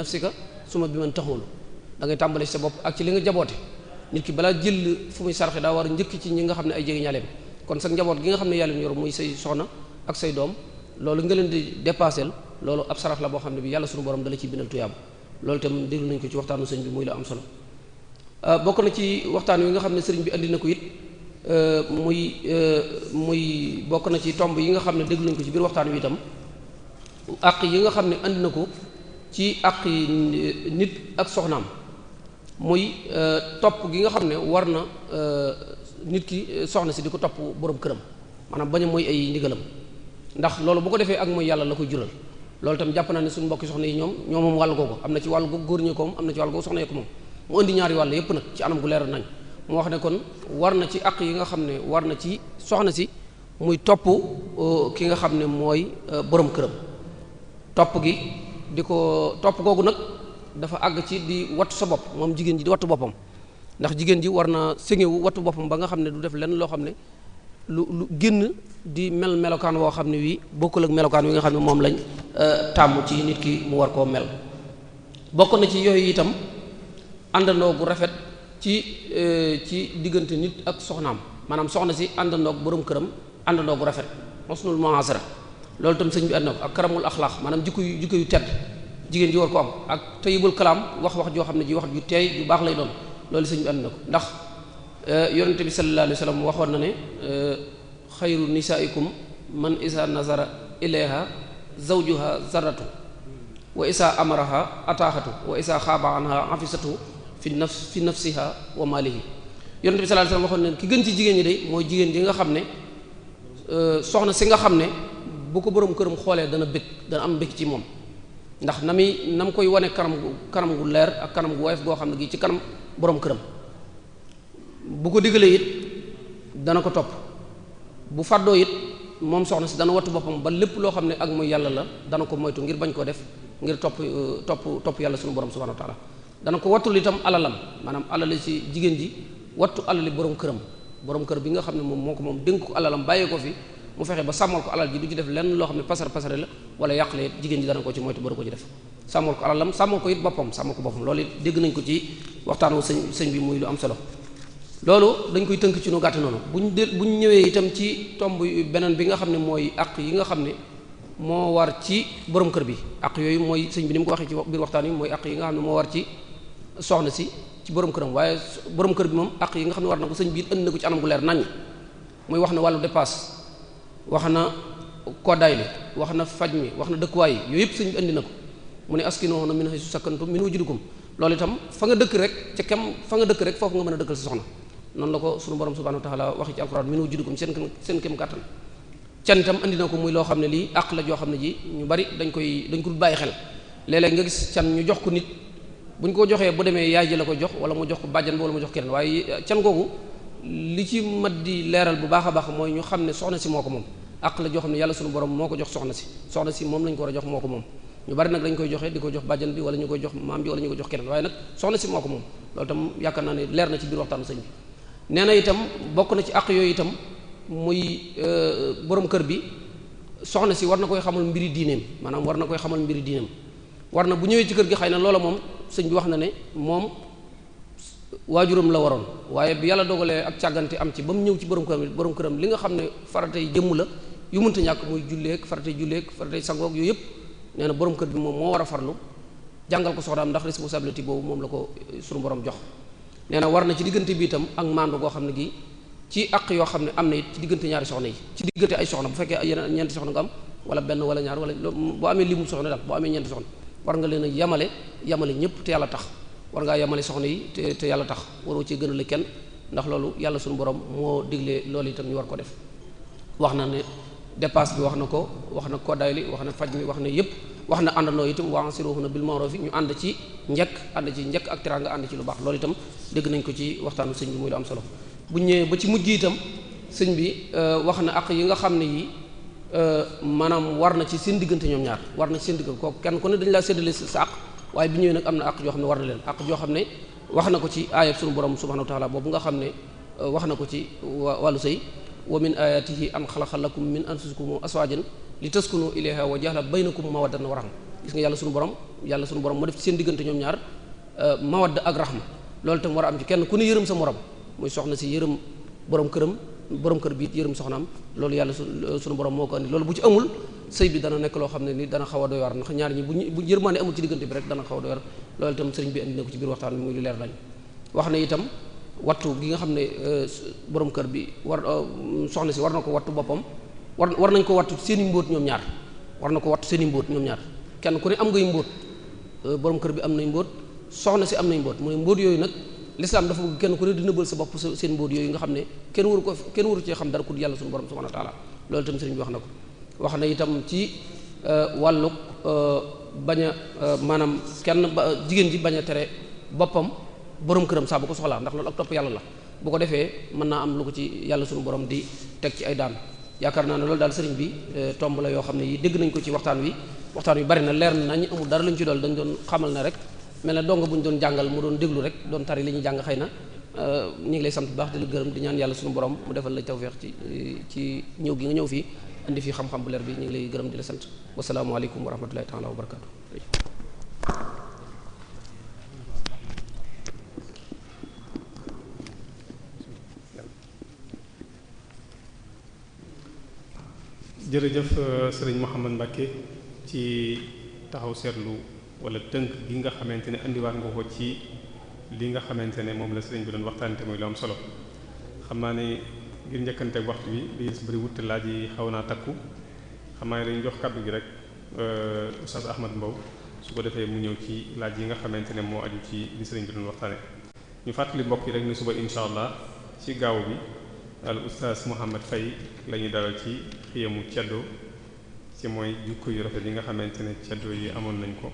suma bi man taxoolu da sa bopp ak ci li nga jaboote nit ki balaa jël fu muy sarxe daa war a njëkk ci ñi nga xam ne ay jege ñaleem kon sa njaboot gi nga xam ne yàlla yor muy say soxna ak say doom loolu nga leen di dépassel loolu ab sarax la boo xam ne bi yàlla suñu borom dala ciy bindal tuyaam loolu itam déglu nañu ko ci waxtaanu sëñ bi muy la am solo euh, bokk na ci waxtaan wi nga xam ne sëriñ bi andi na ko it euh, muy euh, muy bokk na ci tomb yi nga xam ne déglu nañu ko ci biir waxtaan wi itam àq yi nga xam ne andi na ko ci àq nit ak soxnaam muy euh, topp gi nga xam ne war na euh, nit ki euh, soxna si di ko topp borom këram maanaam bañ a mooy ay ndigalam ndax loolu bu ko defee ak mooy yàlla la koy jural loolu tam jàpp naa ne suñu mbokki soxna yi ñoom ñoom moom wàll googu am na ci wàll googu góor ñee ko moom am na ci wàll googu soxna yee ko moom mu indi ñaari wàll yépp nag ci anam gu leeral nañ mu wax ne kon war na ci àq yi nga xam ne war na ci soxna si muy topp ki nga xam ne mooy borom këram topp gi di ko topp googu nag dafa àgg ci di wattu sa bopp moom jigéen ji di wattu boppam ndax jigéen ji war na sëñewu wattu boppam ba nga xam ne du def lenn loo xam ne lu lu génn di mel melokaan woo xam ne wii bokkul ak melokaan wi nga xam ne moom lañ euh, tàmm ci nit ki mu war koo mel bokk na ci yooyu itam àndandoo gu rafet ci euh, ci diggante nit ak soxnaam maanaam soxna si àndandoo ak borom këram àndandoo gu rafet husnul mu'asara loolu itam sëñ bi ànd na ko ak karamul axlaax maanaam jukko yu jukko yu tedd jigéen ji war ko am ak tayibul kalaam wax wax joo xam ne ji wax ju teey ju baax lay doon loolu sañu bi ànd na ko ndax euh, yonente bi sallallahu alayhi wasallam waxoon na ne euh, xayru nisaikum man isa nazara ilayha zawjuha zaratu wa isa amaraha ataaxatu wa isa xaaba anha afisatu fi nafs fi nafsiha wa maalihi yonente bi sallallahu alayhi wasallam waxoon na ki gën ci jigéen ñi day mooy jigéen ji nga xam ne euh, soxna si nga xam ne bu ko boroom këram xoolee dana bëgg dana am bëgg ci moom ndax na muy na mu koy wane kanam gu kanam gu leer ak kanam gu woyof goo xam ne gi ci kanam boroom këram bu ko digalee it dana ko topp bu fàddoo it moom soxna si dana wattu boppam ba lépp loo xam ne ak mooy yàlla la dana ko moytu ngir bañ koo def ngir topp euh, topp topp yàlla sunu borom subhanahu wa taala dana ko wattul itam alalam maanaam alali si jigéen ji wattu alali borom këram borom kër bi nga xam ne moom moo ko moom dénk ko alalam bàyyee ko fi mu fexe ba sàmmal ko alal ji du ci def lenn loo xam ne pasar pasare la wala yàq la it jigéen ji dana ko ci moytu baru ko ci def sàmmal ko alalam sàmmal ko it boppam sàmmal ko boppam loolu dégg nañ ko ci waxtaan wu sëñ sëñ bi muy lu am solo loolu dañ koy tënk ci nu gàtt noonu buñ de ñu ñëwee itam ci tomb beneen bi nga xam ne mooy àq yi nga xam ne moo war ci borom kër bi àq yooyu mooy sëñ bi ni mu ko waxee ci biir waxtaan yi mooy àq yi nga xam ne moo war ci soxna si ci borom këram waaye borom kër bi moom àq yi nga xam ne war na ko sëñ bi ko ci anam gu leer naññ muy wax na wàllu dépasse wax na koddaay li wax na faj mi wax na dëkkuwaay yi yooyu yëpp sëñ indi na ko mu ne askinoona min haysu sakantum min wujudikum loolu itam fa nga dëkk rek ca kem fa nga dëkk rek foofu nga mën a dëkkal sa soxna noon la ko sunu borom subhanahu wa taala waxi ci alquran min wujudikum seen seen kem kàttan can itam indi na ko muy loo xam ne lii àq la joo xam ne jii ñu bari dañ koy dañ ko bàyyi xel léeg nga gis can ñu jox ko nit bu ñu ko joxee bu demee yaay ji la ko jox wala mu jox ko bàjjan bi wala jox keneen waaye can googu li ci mat di leeral bu baax a baax mooy ñu xam ne soxna si moo ko moom àq la joo xam ne yàlla sunu borom moo ko jox soxna si soxna si moom lañ ko war a jox moo ko moom ñu bari nag dañ koy joxe di ko jox bàjjan bi wala ñu koy jox maam bi wala ñu koy jox keneen waaye nag soxna moo ko moom loolu itam yaakaar naa ne leer na ci biir waxtaanu sëñ bi nee na itam bokk na ci àq yooyu itam muy euh, borom kër bi soxna si war na koy xamal mbiri diineem maanaam war na koy xamal mbiri diineem war na bu ñëwee ci kër gi xay na loola moom sëñ bi wax na ne moom waajuram la waroon waaye bi yàlla dogalee ak càggante am ci ba mu ñëw ci borom këram borom këram li nga xam ne faratay jëmm la yu mun mënta ñàkk mooy julleeg faratay julleeg faratay sangoog yooyu yëpp nee na borom kër bi moom moo war a farlu jàngal ko soxnaam ndax responsabilité boobu moom la ko eh, suñu borom jox nee na war na ci diggante bi itam ak maandu goo xam ne gi ci àq yoo xam ne am na it ci diggante ñaari soxna yi ci diggante ay soxna bu fekkee yeneen ñeenti sox nga am wala benn wala ñaar wala boo amee limu soxna daal boo amee ñeenti soxna war nga leen a yamale yamale ñëpp te yàlla tax war ngaa yemale soxna yi te te yàlla tax waroo ci gënale kenn ndax loolu yàlla suñu borom moo digle loolu itam ñu war ko def wax na ne dépasse bi wax na ko wax na koddaay li wax na faj mi wax na yépp wax na àndandoo itam waa ansiruhunna bil ma'rufi ñu ànd ci njekk ànd ci njekk ak teraanga ànd ci lu baax loolu itam dégg nañ ko ci waxtaanu sëñ bi muy lu am solo bu ñëwee ba ci mujj itam sëñ bi euh, wax na àq yi nga xam ne yi euh, maanaam war na ci seen diggante ñoom ñaar war na ci seen diggante kooku kenn ku ne dañ laa waaye bi ñëwee nag am na àq joo xam ne war na leen àq joo xam ne wax na ko ci aayab sunu borom subhanahu wa taala boobu nga xam ne euh, wax na ko ci wàllu sëy wa min ayatihi an xalaqa lakum min anfusikum aswajan li taskunu ilayha wa jaxla baynakum mawaddatan wa rahma gis nga yàlla sunu borom yàlla sunu borom mu def ci seen diggante ñoom ñaar euh, mawadda ak rahma loolu tam war a am ci kenn ku ne yërëm sa morom muy soxna si yërëm borom këram borom kër bii it yërëm soxnaam loolu yàlla su sunu borom moo ko andi loolu bu ci amul sëy bi dana nekk loo xam ne ni dana xaw a doy waar ndax ñaar ñi bu bu yërmaande amul ci diggante bi rek dana a doy waar loolu itam sëriñ bi andi na ko ci biir waxtaan bi muy lu leer lañ wax na itam wattu gi nga xam ne euh, boroom kër bi war euh, soxna si war na ko wattu boppam war war nañ ko wattu seeni i mbóot ñoom ñaar war na ko wattu seeni mbóot ñoom ñaar kenn ku ne am ngay mbóot euh, borom kër bi am nay mbóot soxna si am nay mbóot mu ne mbóot yooyu nag lislaam dafa bëgg kenn ku ne di nëbbal sa bopp seen mbóot yooyu nga xam ne kenn waru ko kenn waru cee xam dara ku dul yàlla suñu borom subhanahu wa taala loolu itam ci euh, wàlluk euh, bañ a euh, maanaam kenn ba jigéen ji bañ a tere boppam borom këram saa bu ko soxlaa ndax loolu ak topp yàlla la bu ko defee mën naa am lu ko ci yàlla suñu borom di teg ci ay daan yaakaar naa ne loolu daal sëriñ bi tomb la yoo xam ne yi dégg nañ ko ci waxtaan wi waxtaan wi bari na leer nañ amul dara lañ ci dool dañ doon xamal na rek mel na donga bu ñu doon jàngal mu doon déglu rek doon tari li ñuy jàng xëy na euh, ñu ngi lay sant baax di la gërëm di ñaan yàlla suñu borom mu defal la tawfeex ci ci ñëw gi nga ñëw fii indi fii xam-xam bu leer bi ñu ngi lay gërëm di la sant wasalaamualeykum wa rahmatulahi taala jërëjëf euh, sëriñ Mouhamed Mbacke ci taxaw seetlu wala tënk gi nga xamante ne andiwaat nga ko ci li nga xamante ne moom la sëriñ bi doon waxtaante muy lu am solo xam naa ne ngir njëkkante waxtu bi li des bëri wut laaj yi xaw naa takku xam naa ne dañu jox kàddu gi rek euh, Oustaz Ahmad Mbow su ko defee mu ñëw ci laaj yi nga xamante ne moo aju ci li sëriñ bi doon waxtaane ñu fàttali mbokk yi rek ne suba incha allah ci gaaw bi al Oustaz Mouhamed Faye la ñuy dalal ci xiyamu ceddo ci mooy jukko yu rafet yi nga xamante ne ceddo yi amoon nañ ko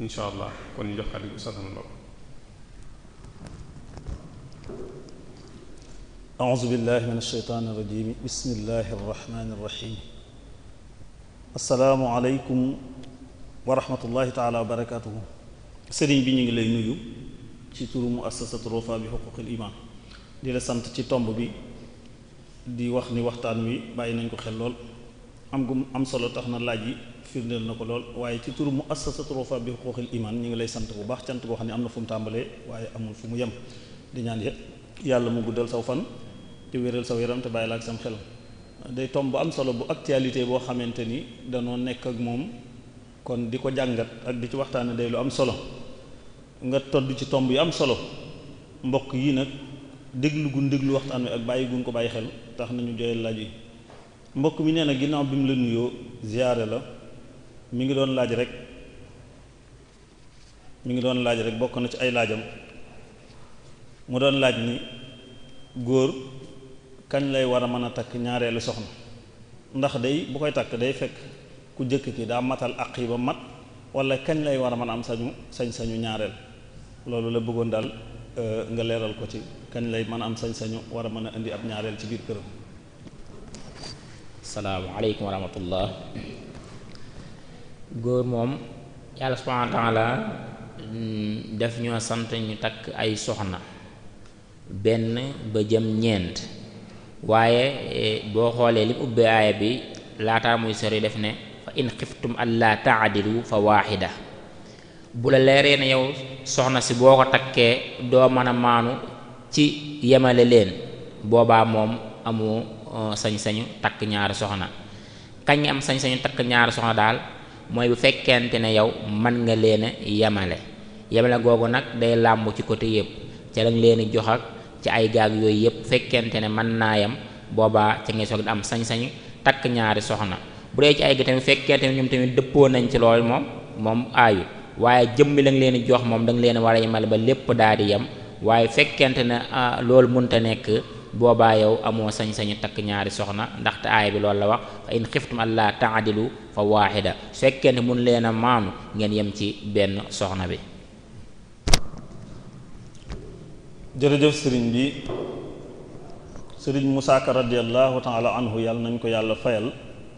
incha allah kon ñu jox kàddu gi ustaas na loolu أعوذ بالله من الشيطان الرجيم بسم الله الرحمن الرحيم السلام عليكم ورحمة الله تعالى وبركاته sëriñ bi ñu ngi lay nuyu ci turu muassasatu Rofa bi xuquqil iman di la sant ci tomb bi di wax ni waxtaan wi bàyyi nañ ko xel lool am gum am solo tax na laaj yi firndeel na ko lool waaye ci turu mu assasatu Wafa bi xuquuqil iman ñu ngi lay sant bu baax cant koo xam ne am na fu mu tàmbalee waaye amul fu mu yem di ñaan yàlla mu guddal saw fan te wéral saw yaram te bàyyi la ak sam xel day bu am solo bu actualité boo xamante ni danoo nekk ak moom kon di ko jàngat ak di ci waxtaane day lu am solo nga todd ci tomb yu am solo mbokk yi nag déglu gun déglu waxtaan ak bàyyi ko bàyyi xel tax laaj yi mbokk mi nee na ginnaaw bi mu la nuyoo ziyaare la mi ngi doon laaj rek mu ngi doon laaj rek bokk na ci ay laajam mu doon laaj ni góor kañ lay war a mën a takk ñaareelu soxna ndax day bu koy takk day fekk ku jëkk ki daa matal àq yi ba mat wala kañ lay war a mën a am sañu sañ-sañu ñaareel loolu la bëggoon daal euh, nga leeral ko ci kañ lay mën a am sañ-sañu war a mën a indi ab ñaareel ci biir këram. salaamaaleykum wa rahmatullah góor moom yàlla subhanahu wa ta'ala def ñoo sant ñu takk ay soxna benn ba jëm ñeent waaye e, boo xoolee li mu aaya bi laataa muy sori def ne fa in xiftum allaa taadilu fa waaxida bu la leeree ne yow soxna si boo ko takkee doo mën a maanu ci yemale leen boobaa moom amu uh, sañ-sañu takk ñaari soxna kañ am sañ-sañu takk ñaari soxna daal mooy bu fekkente ne yow man nga leen a yemale yemale googu nag day làmb ci côté yëpp ca lañ leen jox ak ci ay gaag yooyu yëpp fekkente ne man naa yem boobaa ca ngay soog di am sañ-sañ takk ñaari soxna bu dee ci ay gi tamit fekkente ne ñoom tamit dëppoo nañ ci loolu moom moom aayu waaye jëmmi la lañ leen jox moom da leen war a yemale ba lépp daal di yem waaye fekkente ne ah, loolu mënta nekk. boobaa yow amoo sañ-sañu takk ñaari soxna ndaxte aaya bi loolu la wax fa in xiftum allaa taadilu fa waaxida su ne mun leen a maanu ngeen yem ci benn soxna bi jërëjëf sëriñ bi sëriñ Musaa Ka radiyallahu anhu yàlla nañ ko yàlla fayal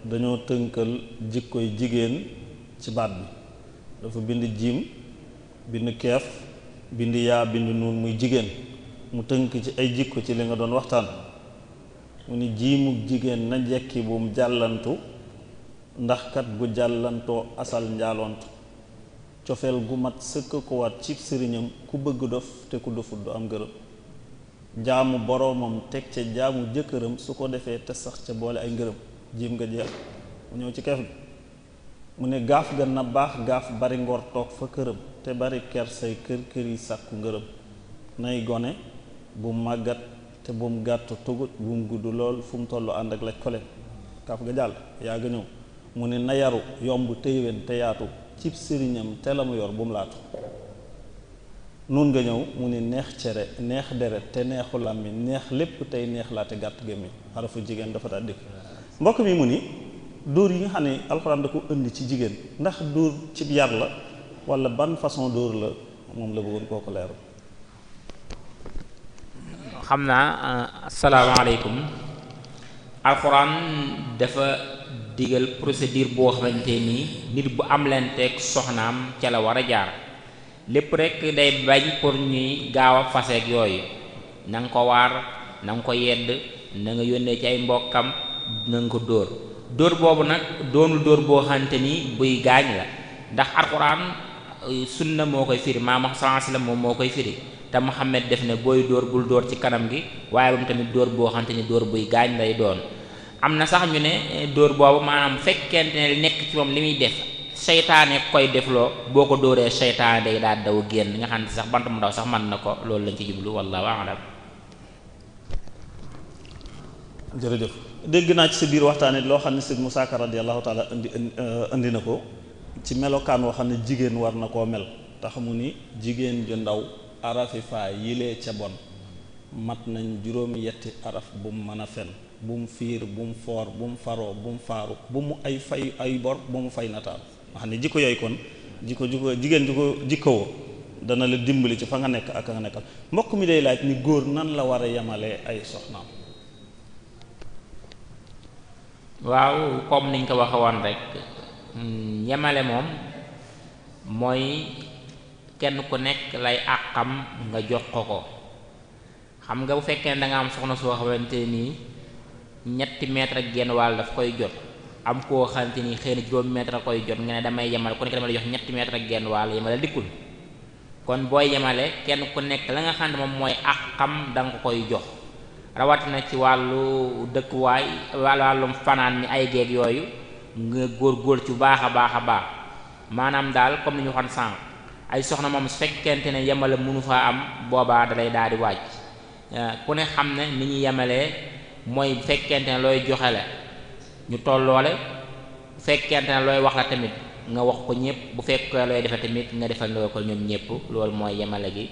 dañoo tënkal jikkoy jigéen ci baat bi dafa bind jiim bind keef bind yaa bind nuun muy jigéen mu tënk ci ay jikko ci li nga doon waxtaan mu ne jiimug jigéen na njekki bu mu jàllantu ndax kat gu jàllantoo asal njaaloontu cofeel gu mat sëkk ko waat sëriñam ku bëgg dof te ku dofut du am gërëm jaamu boroomam teg ca jaamu jëkkëram su ko defee te sax ca boole ay ngërëm jiim nga jeex mu ñëw ci kef bi mu ne gaaf ga na baax gaaf bari ngor toog fa këram te bari kersay kër kër yi sàkku ngërëm nay gone bu màggat te bu mu gàtt tugut bu mu gudd lool fu mu toll ànd ak la koleen kaf nga jàll yaa ga ñëw mu ne na yaru yomb téywén te yaatu cib sëriñam te la mu yor bu mu laatu nun nga ñëw mu ne neex cere neex deret te neexu làmmiñ neex lépp tey neex laate gàtt gémmiñ xarafu jigéen dafa daal dikk mbokk mi mu ni dóor yi nga xam ne alxuraan da ko indi ci jigéen ndax dóor cib yar la wala ban façon dóor la moom la bëggoon kooku leeru xam naa euh, asalaamaaleykum alxuraan dafa digal procédure boo xamante ni nit bu am lenteeg soxnaam ca la war a jaar lépp rekk day bañ pour ñuy gaaw a faseeg yooyu na ko waar nanga ko yedd na nga yónnee ci ay mbokkam na nga ko dóor dóor boobu nag doonul dóor boo xamante ni buy gaañ la ndax alxuraan euh, na moo koy firi maam sallallahu alayhi moom moo koy firi te Muhammad def ne booy dóor bul dóor ci kanam gi waaye moom tamit dóor boo xamante ni dóor buy gaañ lay doon am na sax ñu ne eh, dóor boobu maanaam fekkente ne nekk ci moom li muy def seytaane koy defloo boo ko dóoree seytaane day daal daw génn nga xam ne sax bant mu ndaw sax mën na ko loolu lañ ci jublu wallahu a'lam jërëjëf dégg naa ci sa biir waxtaan it loo xam ne sëñ Moussa Ka radiyallahu taala indi indi eh, na ko ci melokaan woo xam ne jigéen war na koo mel tax mu ni jigéen ju ndaw arafifaa yilee ca bon mat nañ juróomi yetti araf bu mu mën a fen bu mu fiir bu mu foor bu mu faroo bu mu ay fay ay bor bu mu fay nataalu jikko yooyu kon jikko dana la dimbali ci fa nga nekk ak mbokk mi day laaj ni góor nan la war a yemalee ay soxnaam waaw comme niñ ko waxe woon rek mm, yemale moom mooy kenn ku nekk lay àqam nga jox ko ko xam nga bu fekkee ne danga am soxna soo xamante nii ñetti mètre ak genn wàll daf koy jot am koo xamante nii xëy na juróomi mètre koy jot nga ne damay yemal ku nekk damay jox ñetti mètre ak genn wàll yemale dikkul kon booy yemale kenn ku nekk la nga xam ne moom mooy àqam da nga koy jox rawatina ci wàllu dëkkuwaay wàllum fanaan mi ay géeg yooyu nga góor góor ci baax a baax a baax maanaam daal comme ni ñu waxoon sànq ay soxna moom su fekkente ne yemale mënu faa am boobaa dalay daal di wàcc ku ne xam ne ni ñuy yemalee mooy fekkente ne looy joxe la ñu tolloole bu fekkente ne looy wax la tamit nga wax ko ñëpp bu fekkee looy defe tamit nga defandoo ko ñoom ñëpp loolu mooy yemale gi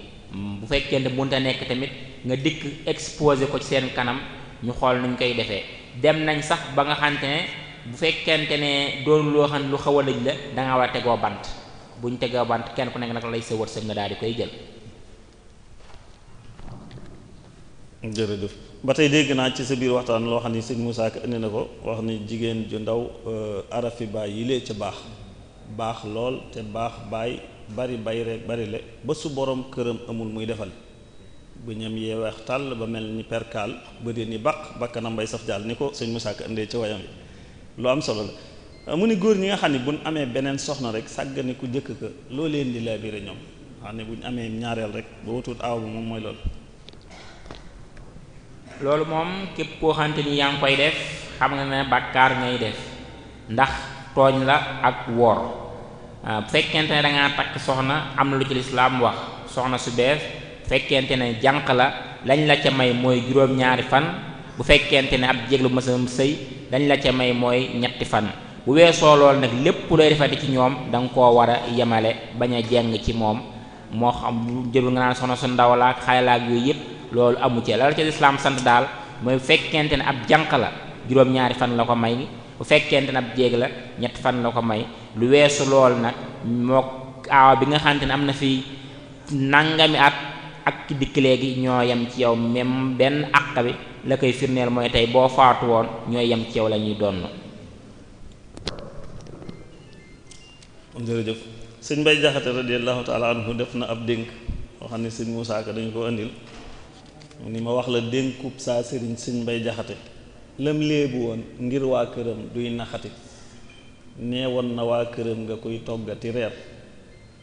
bu fekkente te nekk tamit nga dikk exposé ko ci seen kanam ñu xool nuñ koy defee dem nañ sax ba nga xamante ne bu fekkente ne doonu loo xam lu xaw a lëj la da war a tegoo bant buñ tegee bant kenn ku nekk nag lay sa wërsëg nga daal di koy jël. jërëjëf ba tey dégg naa ci sa biir waxtaan loo xam ni sëñ Moussa Ka indi na ko wax ni jigéen ju ndaw euh, arafi baay yi lee ca baax baax lool te baax baay bari bay rek bari le ba su borom këram amul muy defal bu ñam yee weex tàll ba mel ni perkaal ba dee ni baq bakkanam bay saf jaal ni ko sëñ Moussa Ka indee ci wayam yi lu am solo la Euh, mu ne góor ñi nga xam ne buñ amee beneen soxna rek sàggane ku jëkk ka loo leen di laabire ñoom xam ne buñ amee ñaareel rek ba watuut aaw moom mooy loolu loolu moom képp koo xamante ni yaa ngi koy def xam nga ne bàkkaar ngay def ndax tooñ la ak woor euh, bu fekkente ne danga takk soxna am na lu ci lislaam wax soxna su bees fekkente ne jànq la lañ la ca may mooy juróom-ñaari fan bu fekkente ne ab jéglu mësa sëy lañ la ca may mooy ñetti fan bu weesoo lool nag lépp looy defati ci ñoom danga nga koo war a yemale bañ a jenn ci moom moo xam jëlul nga naan soxna su ndaw la ak xale la ak yooyu yëpp loolu amu ci lal ca lislaam sant daal mooy fekkente ne ab jànq la juróom fan la ko may bu fekkente ne jéeg la ñett fan la ko may lu weesu lool nag mook aawa bi nga xante ne am na fi nangami at ak ki dikk léegi ñoo yem ci yow même benn àq bi la koy firndeel mooy tey boo faatu woon ñoo yem ci yow la ñuy doon. jërëjëf sëñ Mbay Jaxate radiyallahu taala def na ab dénk boo xam ne sëñ Moussa Ka dañu ko andil ni ma wax la dénkub saa sëriñ sëñ bay Jaxate lam léebu woon ngir waa këram duy naxati nee na waa këram nga koy toggati reer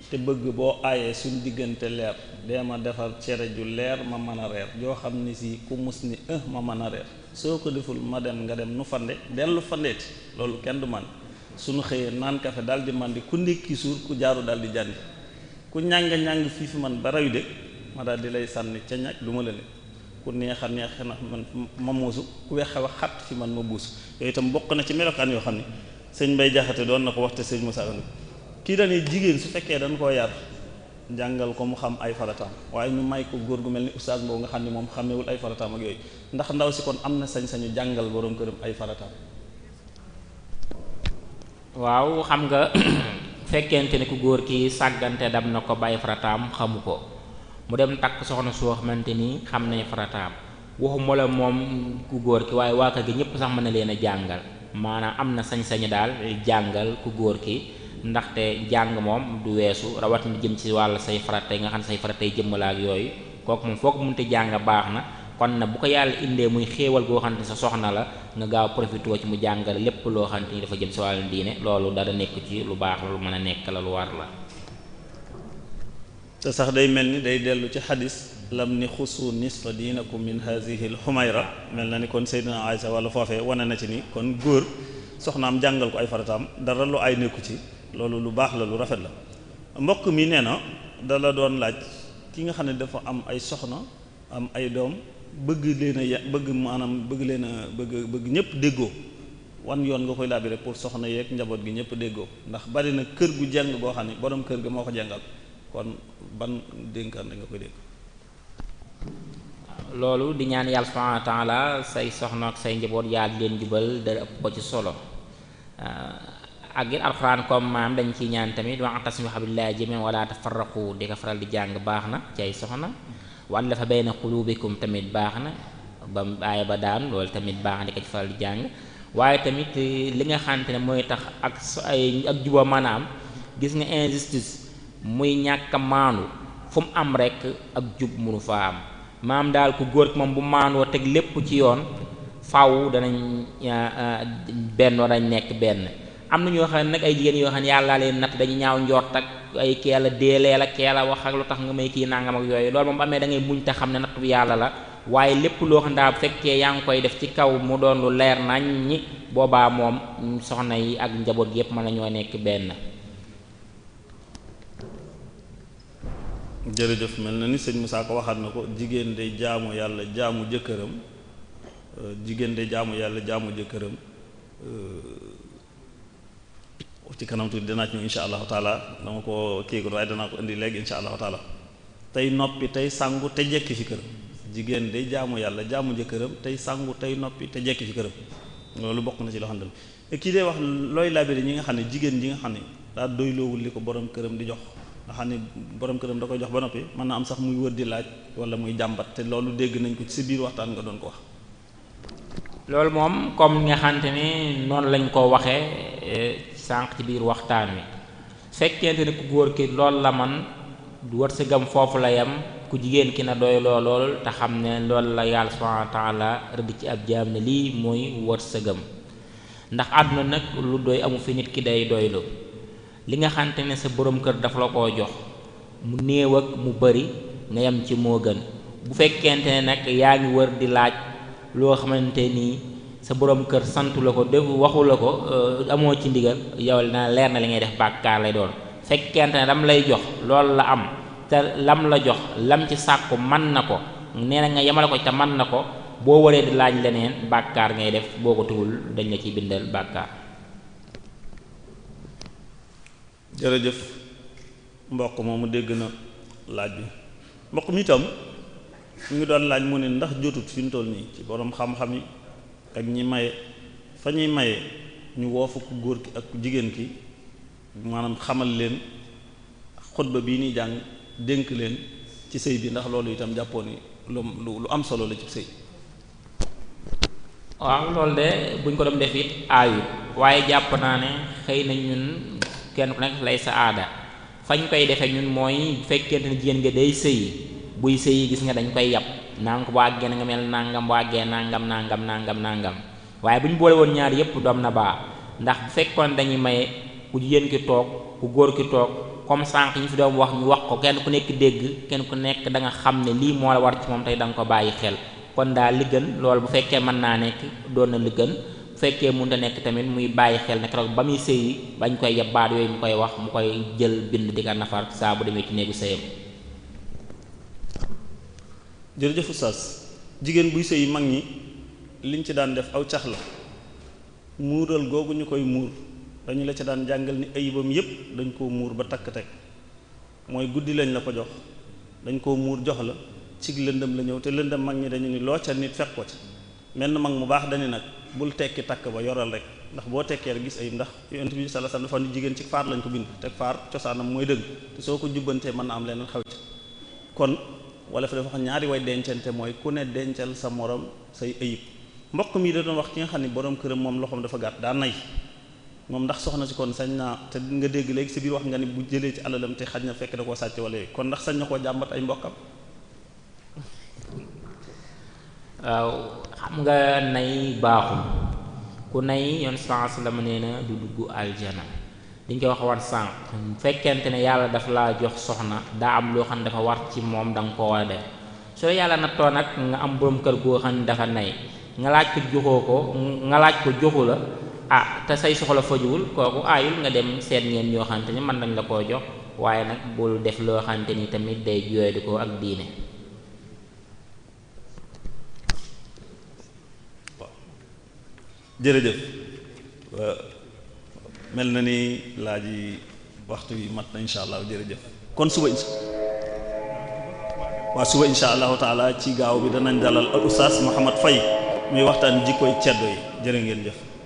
te bëgg boo aayee suñ diggante leer dee ma defar cere ju leer ma mën a reer joo xam ne si ku mus ni eh ma mën a reer soo ko deful ma dem nga dem nu fande dellu fandeeti loolu kenn du man suñu xëyee naan kafe daal di màndi ku ndékki suur ku jaaru daal di jàndi ku ñàng-ñàng fii fi man ba rayu de ma daal di lay sànni ca ñag du ma la ne ku neexa neexe na man ma muusu ku wexe wax xat fi man ma buus yooyu itam bokk na ci melokaan yoo xam ne sëñ Mbay Jaxate doon na ko waxte sëñ Moussa kii dañuy jigéen su fekkee dañ koo yar jàngal ko mu xam ay farataam waaye ñu may ko góor gu mel ni ustaas boobu nga xam ne moom xamewul ay farataam ak yooyu ndax ndaw si kon am na sañ-sañu jàngal borom këram ay farataam waaw xam nga fekkente ne ku góor ki sàggante dam na ko bàyyi farataam xamu ko mu dem takk soxna soo xamante ni xam nañ farataam waxuma la moom ku góor ki waaye waa gi ñëpp sax mën na leen a jàngal maanaam am na sañ-sañu daal jàngal ku góor ki ndaxte jàng moom du weesu rawatina jëm ci wàll say farata yi nga xam ne say farata yi jëmmalaak yooyu kooku moom mun munte jàng baax na kon na bu ko yàlla indee muy xéewal goo xam ne sa soxna la nga gaaw profité ci mu jàngal lépp loo xam ne dafa jëm si wàllu diine loolu dara nekk ci lu baax la lu mën a nekk la lu war la te sax day mel ni day dellu ci xadis lam ni xusu nisfa diinakum min hazihi l mel na ni kon Seydina Aysa wala foofe wane na ci ni kon góor soxnaam jàngal ko ay farataam dara lu ay nekku ci loolu lu baax la lu rafet la mbokk mi nee na dala doon laaj ki nga xam ne dafa am ay soxna am ay doom bëgg leen a ya bëgg maanaam bëgg leen a bëgg bëgg ñëpp déggoo wan yoon nga koy laabire pour soxna yeeg njaboot gi ñëpp déggoo ndax bari na kër gu jàng boo xam ne borom kër ga moo ko jàngal kon ban dénkaan nga koy loolu di ñaan yàlla subhanahu wa ta'ala say soxna say njaboot yaa leen jubal dara ëpp ko ci solo ah, ak it alxuraan dañ ciy ñaan tamit wa'tasimu bi hablillahi jamii'an wa laa tafarraqu di ko faral di jàng baax na ci ay soxna. dafa wàllafa bayna qulubikum tamit baax na ba aaya ba daan lool tamit baax na di ko faral jàng waaye tamit eh, li nga xant ne mooy tax ak ay ak juba a am gis nga injustice muy ñàkk a maandu fu mu am rek ak jub mënu faa am maam daal ku góor moom bu maandoo teg lépp ci yoon faw danañ eh, eh, benn dañ nekk benn am na ñoo xam ne nag ay jigéen yoo xam ne yàlla leen natt dañu ñaaw njort ak ay keel a deelee la keel wax ak lu tax nga may kii nangam ak yooyu loolu moom amee da ngay muñ te xam ne natt bu yàlla la waaye lépp loo xam daa fekkee yaa ngi koy def ci kaw mu doon lu leer nañ ñi boobaa moom soxna yi ak njaboot yépp mën nañoo nekk benn. jërëjëf mel na ni sëñ Moussa ko waxaat ko jigéen day jaamu yàlla jaamu jëkkëram jigéen day jaamu yàlla jaamu jëkkëram. ci kanam tuuti danaa ci ñëw insha allahu taala dama ko kiigul waaye danaa ko indi léegi insha allahu taala tey noppi tey sangu te jekki fi këram jigéen day jaamu yàlla jaamu jëkkëram tey sangu tey noppi te jekki ci këram loolu bokk na ci loo xam ne kii day wax looy labiré ñi nga xam ne jigéen ji nga xam ne daa doyloowul li ko borom këram di jox nga xam ne borom këram da koy jox ba noppi mën na am sax muy wër di laaj wala muy jàmbat te loolu dégg nañ ko ci biir waxtaan nga doon ko wax loolu moom comme nga xante ni noonu lañu ko waxee eh, sànq ci biir waxtaan wi fekkente ni ku góor ki loolu la man du wërsëgam foofu la yem ku jigéen ki na doy loo lool te xam ne loolu la yàlla subhanahu wa ta'ala rëdd ci ab jaam ne lii mooy wërsëgam ndax àdduna nag lu doy amu fi nit ki day doylu li nga xante ne sa boroom kër dafa la ko jox mu néew ak mu bari nga yem ci moo gën bu fekkente ne nag yaa ngi wër di laaj loo xamante nii sa borom kër santu la ko def waxu la ko euh, amoo ci ndigal yow na leer na li ngay def bàkkaar lay doon fekkente ne lam lay jox lool la am te lam la jox lam ci sàkku man na ko nee na nga yemale ko te man na ko boo waree di laaj leneen bàkkaar ngay def boo ko tuwul dañ la ciy bindal bàkkaar jërëjëf mbokk moomu dégg na laaj bi mbokk mi itam ñu ngi doon laaj mu ne ndax jotut fi ñu toll nii ci borom xam-xam yi ak ñi maye fa ñuy maye ñu woo fa ku góor ki ak jigéen ki maanaam xamal leen xutba bii ñuy jàng dénk leen ci sëy bi ndax loolu itam jàppoon ni lu lu am solo la ci sëy waaw loolu de buñ ko doon def it aayu waaye jàpp naa ne xëy na ñun kenn ku nekk lay sa aada fañ koy defee ñun mooy fekkente ne jigéen nga day sëyi buy sëyi gis nga dañ koy yàpp naan ko boo nga mel nangam boo àggee nangam nangam nangam waaye bu ñu boole woon ñaar yépp doom na baa ndax bu fekkoon dañuy maye ku jigéen ki toog ku góor ki toog comme sànq ñu fi doom wax ñu wax ko kenn ku nekk dégg kenn ku nekk danga xam ne lii moo la war ci moom tey da ko bàyyi xel kon daal li gën loolu bu fekkee mën naa nekk doon na li gën bu fekkee mun a nekk tamit muy bàyyi xel ne keroog ba muy sëyi bañ koy yebbaat yooyu mu koy wax mu koy jël bind di nga nafar saa bu ci néegu sëyam jërëjëf oustaz jigéen buy sëy mag ñi liñ ci daan def aw cax la muural googu ñu koy muur dañu la ca daan jàngal ni ayibam yépp dañ koo muur ba takk teg mooy guddi lañ la ko jox dañ koo muur jox la cig lëndëm la ñëw te lëndëm mag ñi dañu ni loo ca nit fekk ko ca menn mag mu baax dañu nag bul tekki takk ba yoral rek ndax boo tekkee rek gis ayib ndax yonent bi sallallahu alayhi dafa ni jigéen ci faar lañ ko bind te faar cosaanam mooy dëgg te soo ko jubbantee mën na am leneen xaw wala fi dafa xam ñaari way dencante mooy ku ne dencal sa morom say ayib mbokk mi da doon wax ki nga xam ne boroom këram moom loxoom dafa gàtt daan nay moom ndax soxna si kon sañ naa te nga dégg léegi si biir wax nga ni bu jëlee ci alalam te xañ na fekk da koo sàcc wala yooyu kon ndax sañ na koo jàmbat ay mbokkam waaw xam nga nay baaxul ku nay yoon sallallahu alayhi wasallam nee na du dugg aljana liñ ko wax woon sànq fekkente ne yàlla daf laa jox soxna daa am loo xam ne dafa war ci moom danga nga koo war a def su la yàlla nattoo nag nga am borom kër goo xam ne dafa nay nga laaj ko joxoo ko nga laaj ko joxu la ah te say soxla fajuwul kooku aayul nga dem seet ngeen ñoo xamante ni mën nañ la koo jox waaye nag bul def loo xamante ni tamit day jooydi ko ak diine mel na ni laa ji waxtu yi mat na insha allah jërëjëf kon suba insha waa suba insha allahu taala ci gaaw bi danañ dalal al ustaas Muhammad fay muy waxtaan jikkoy ceddo yi jërë ngeen jëf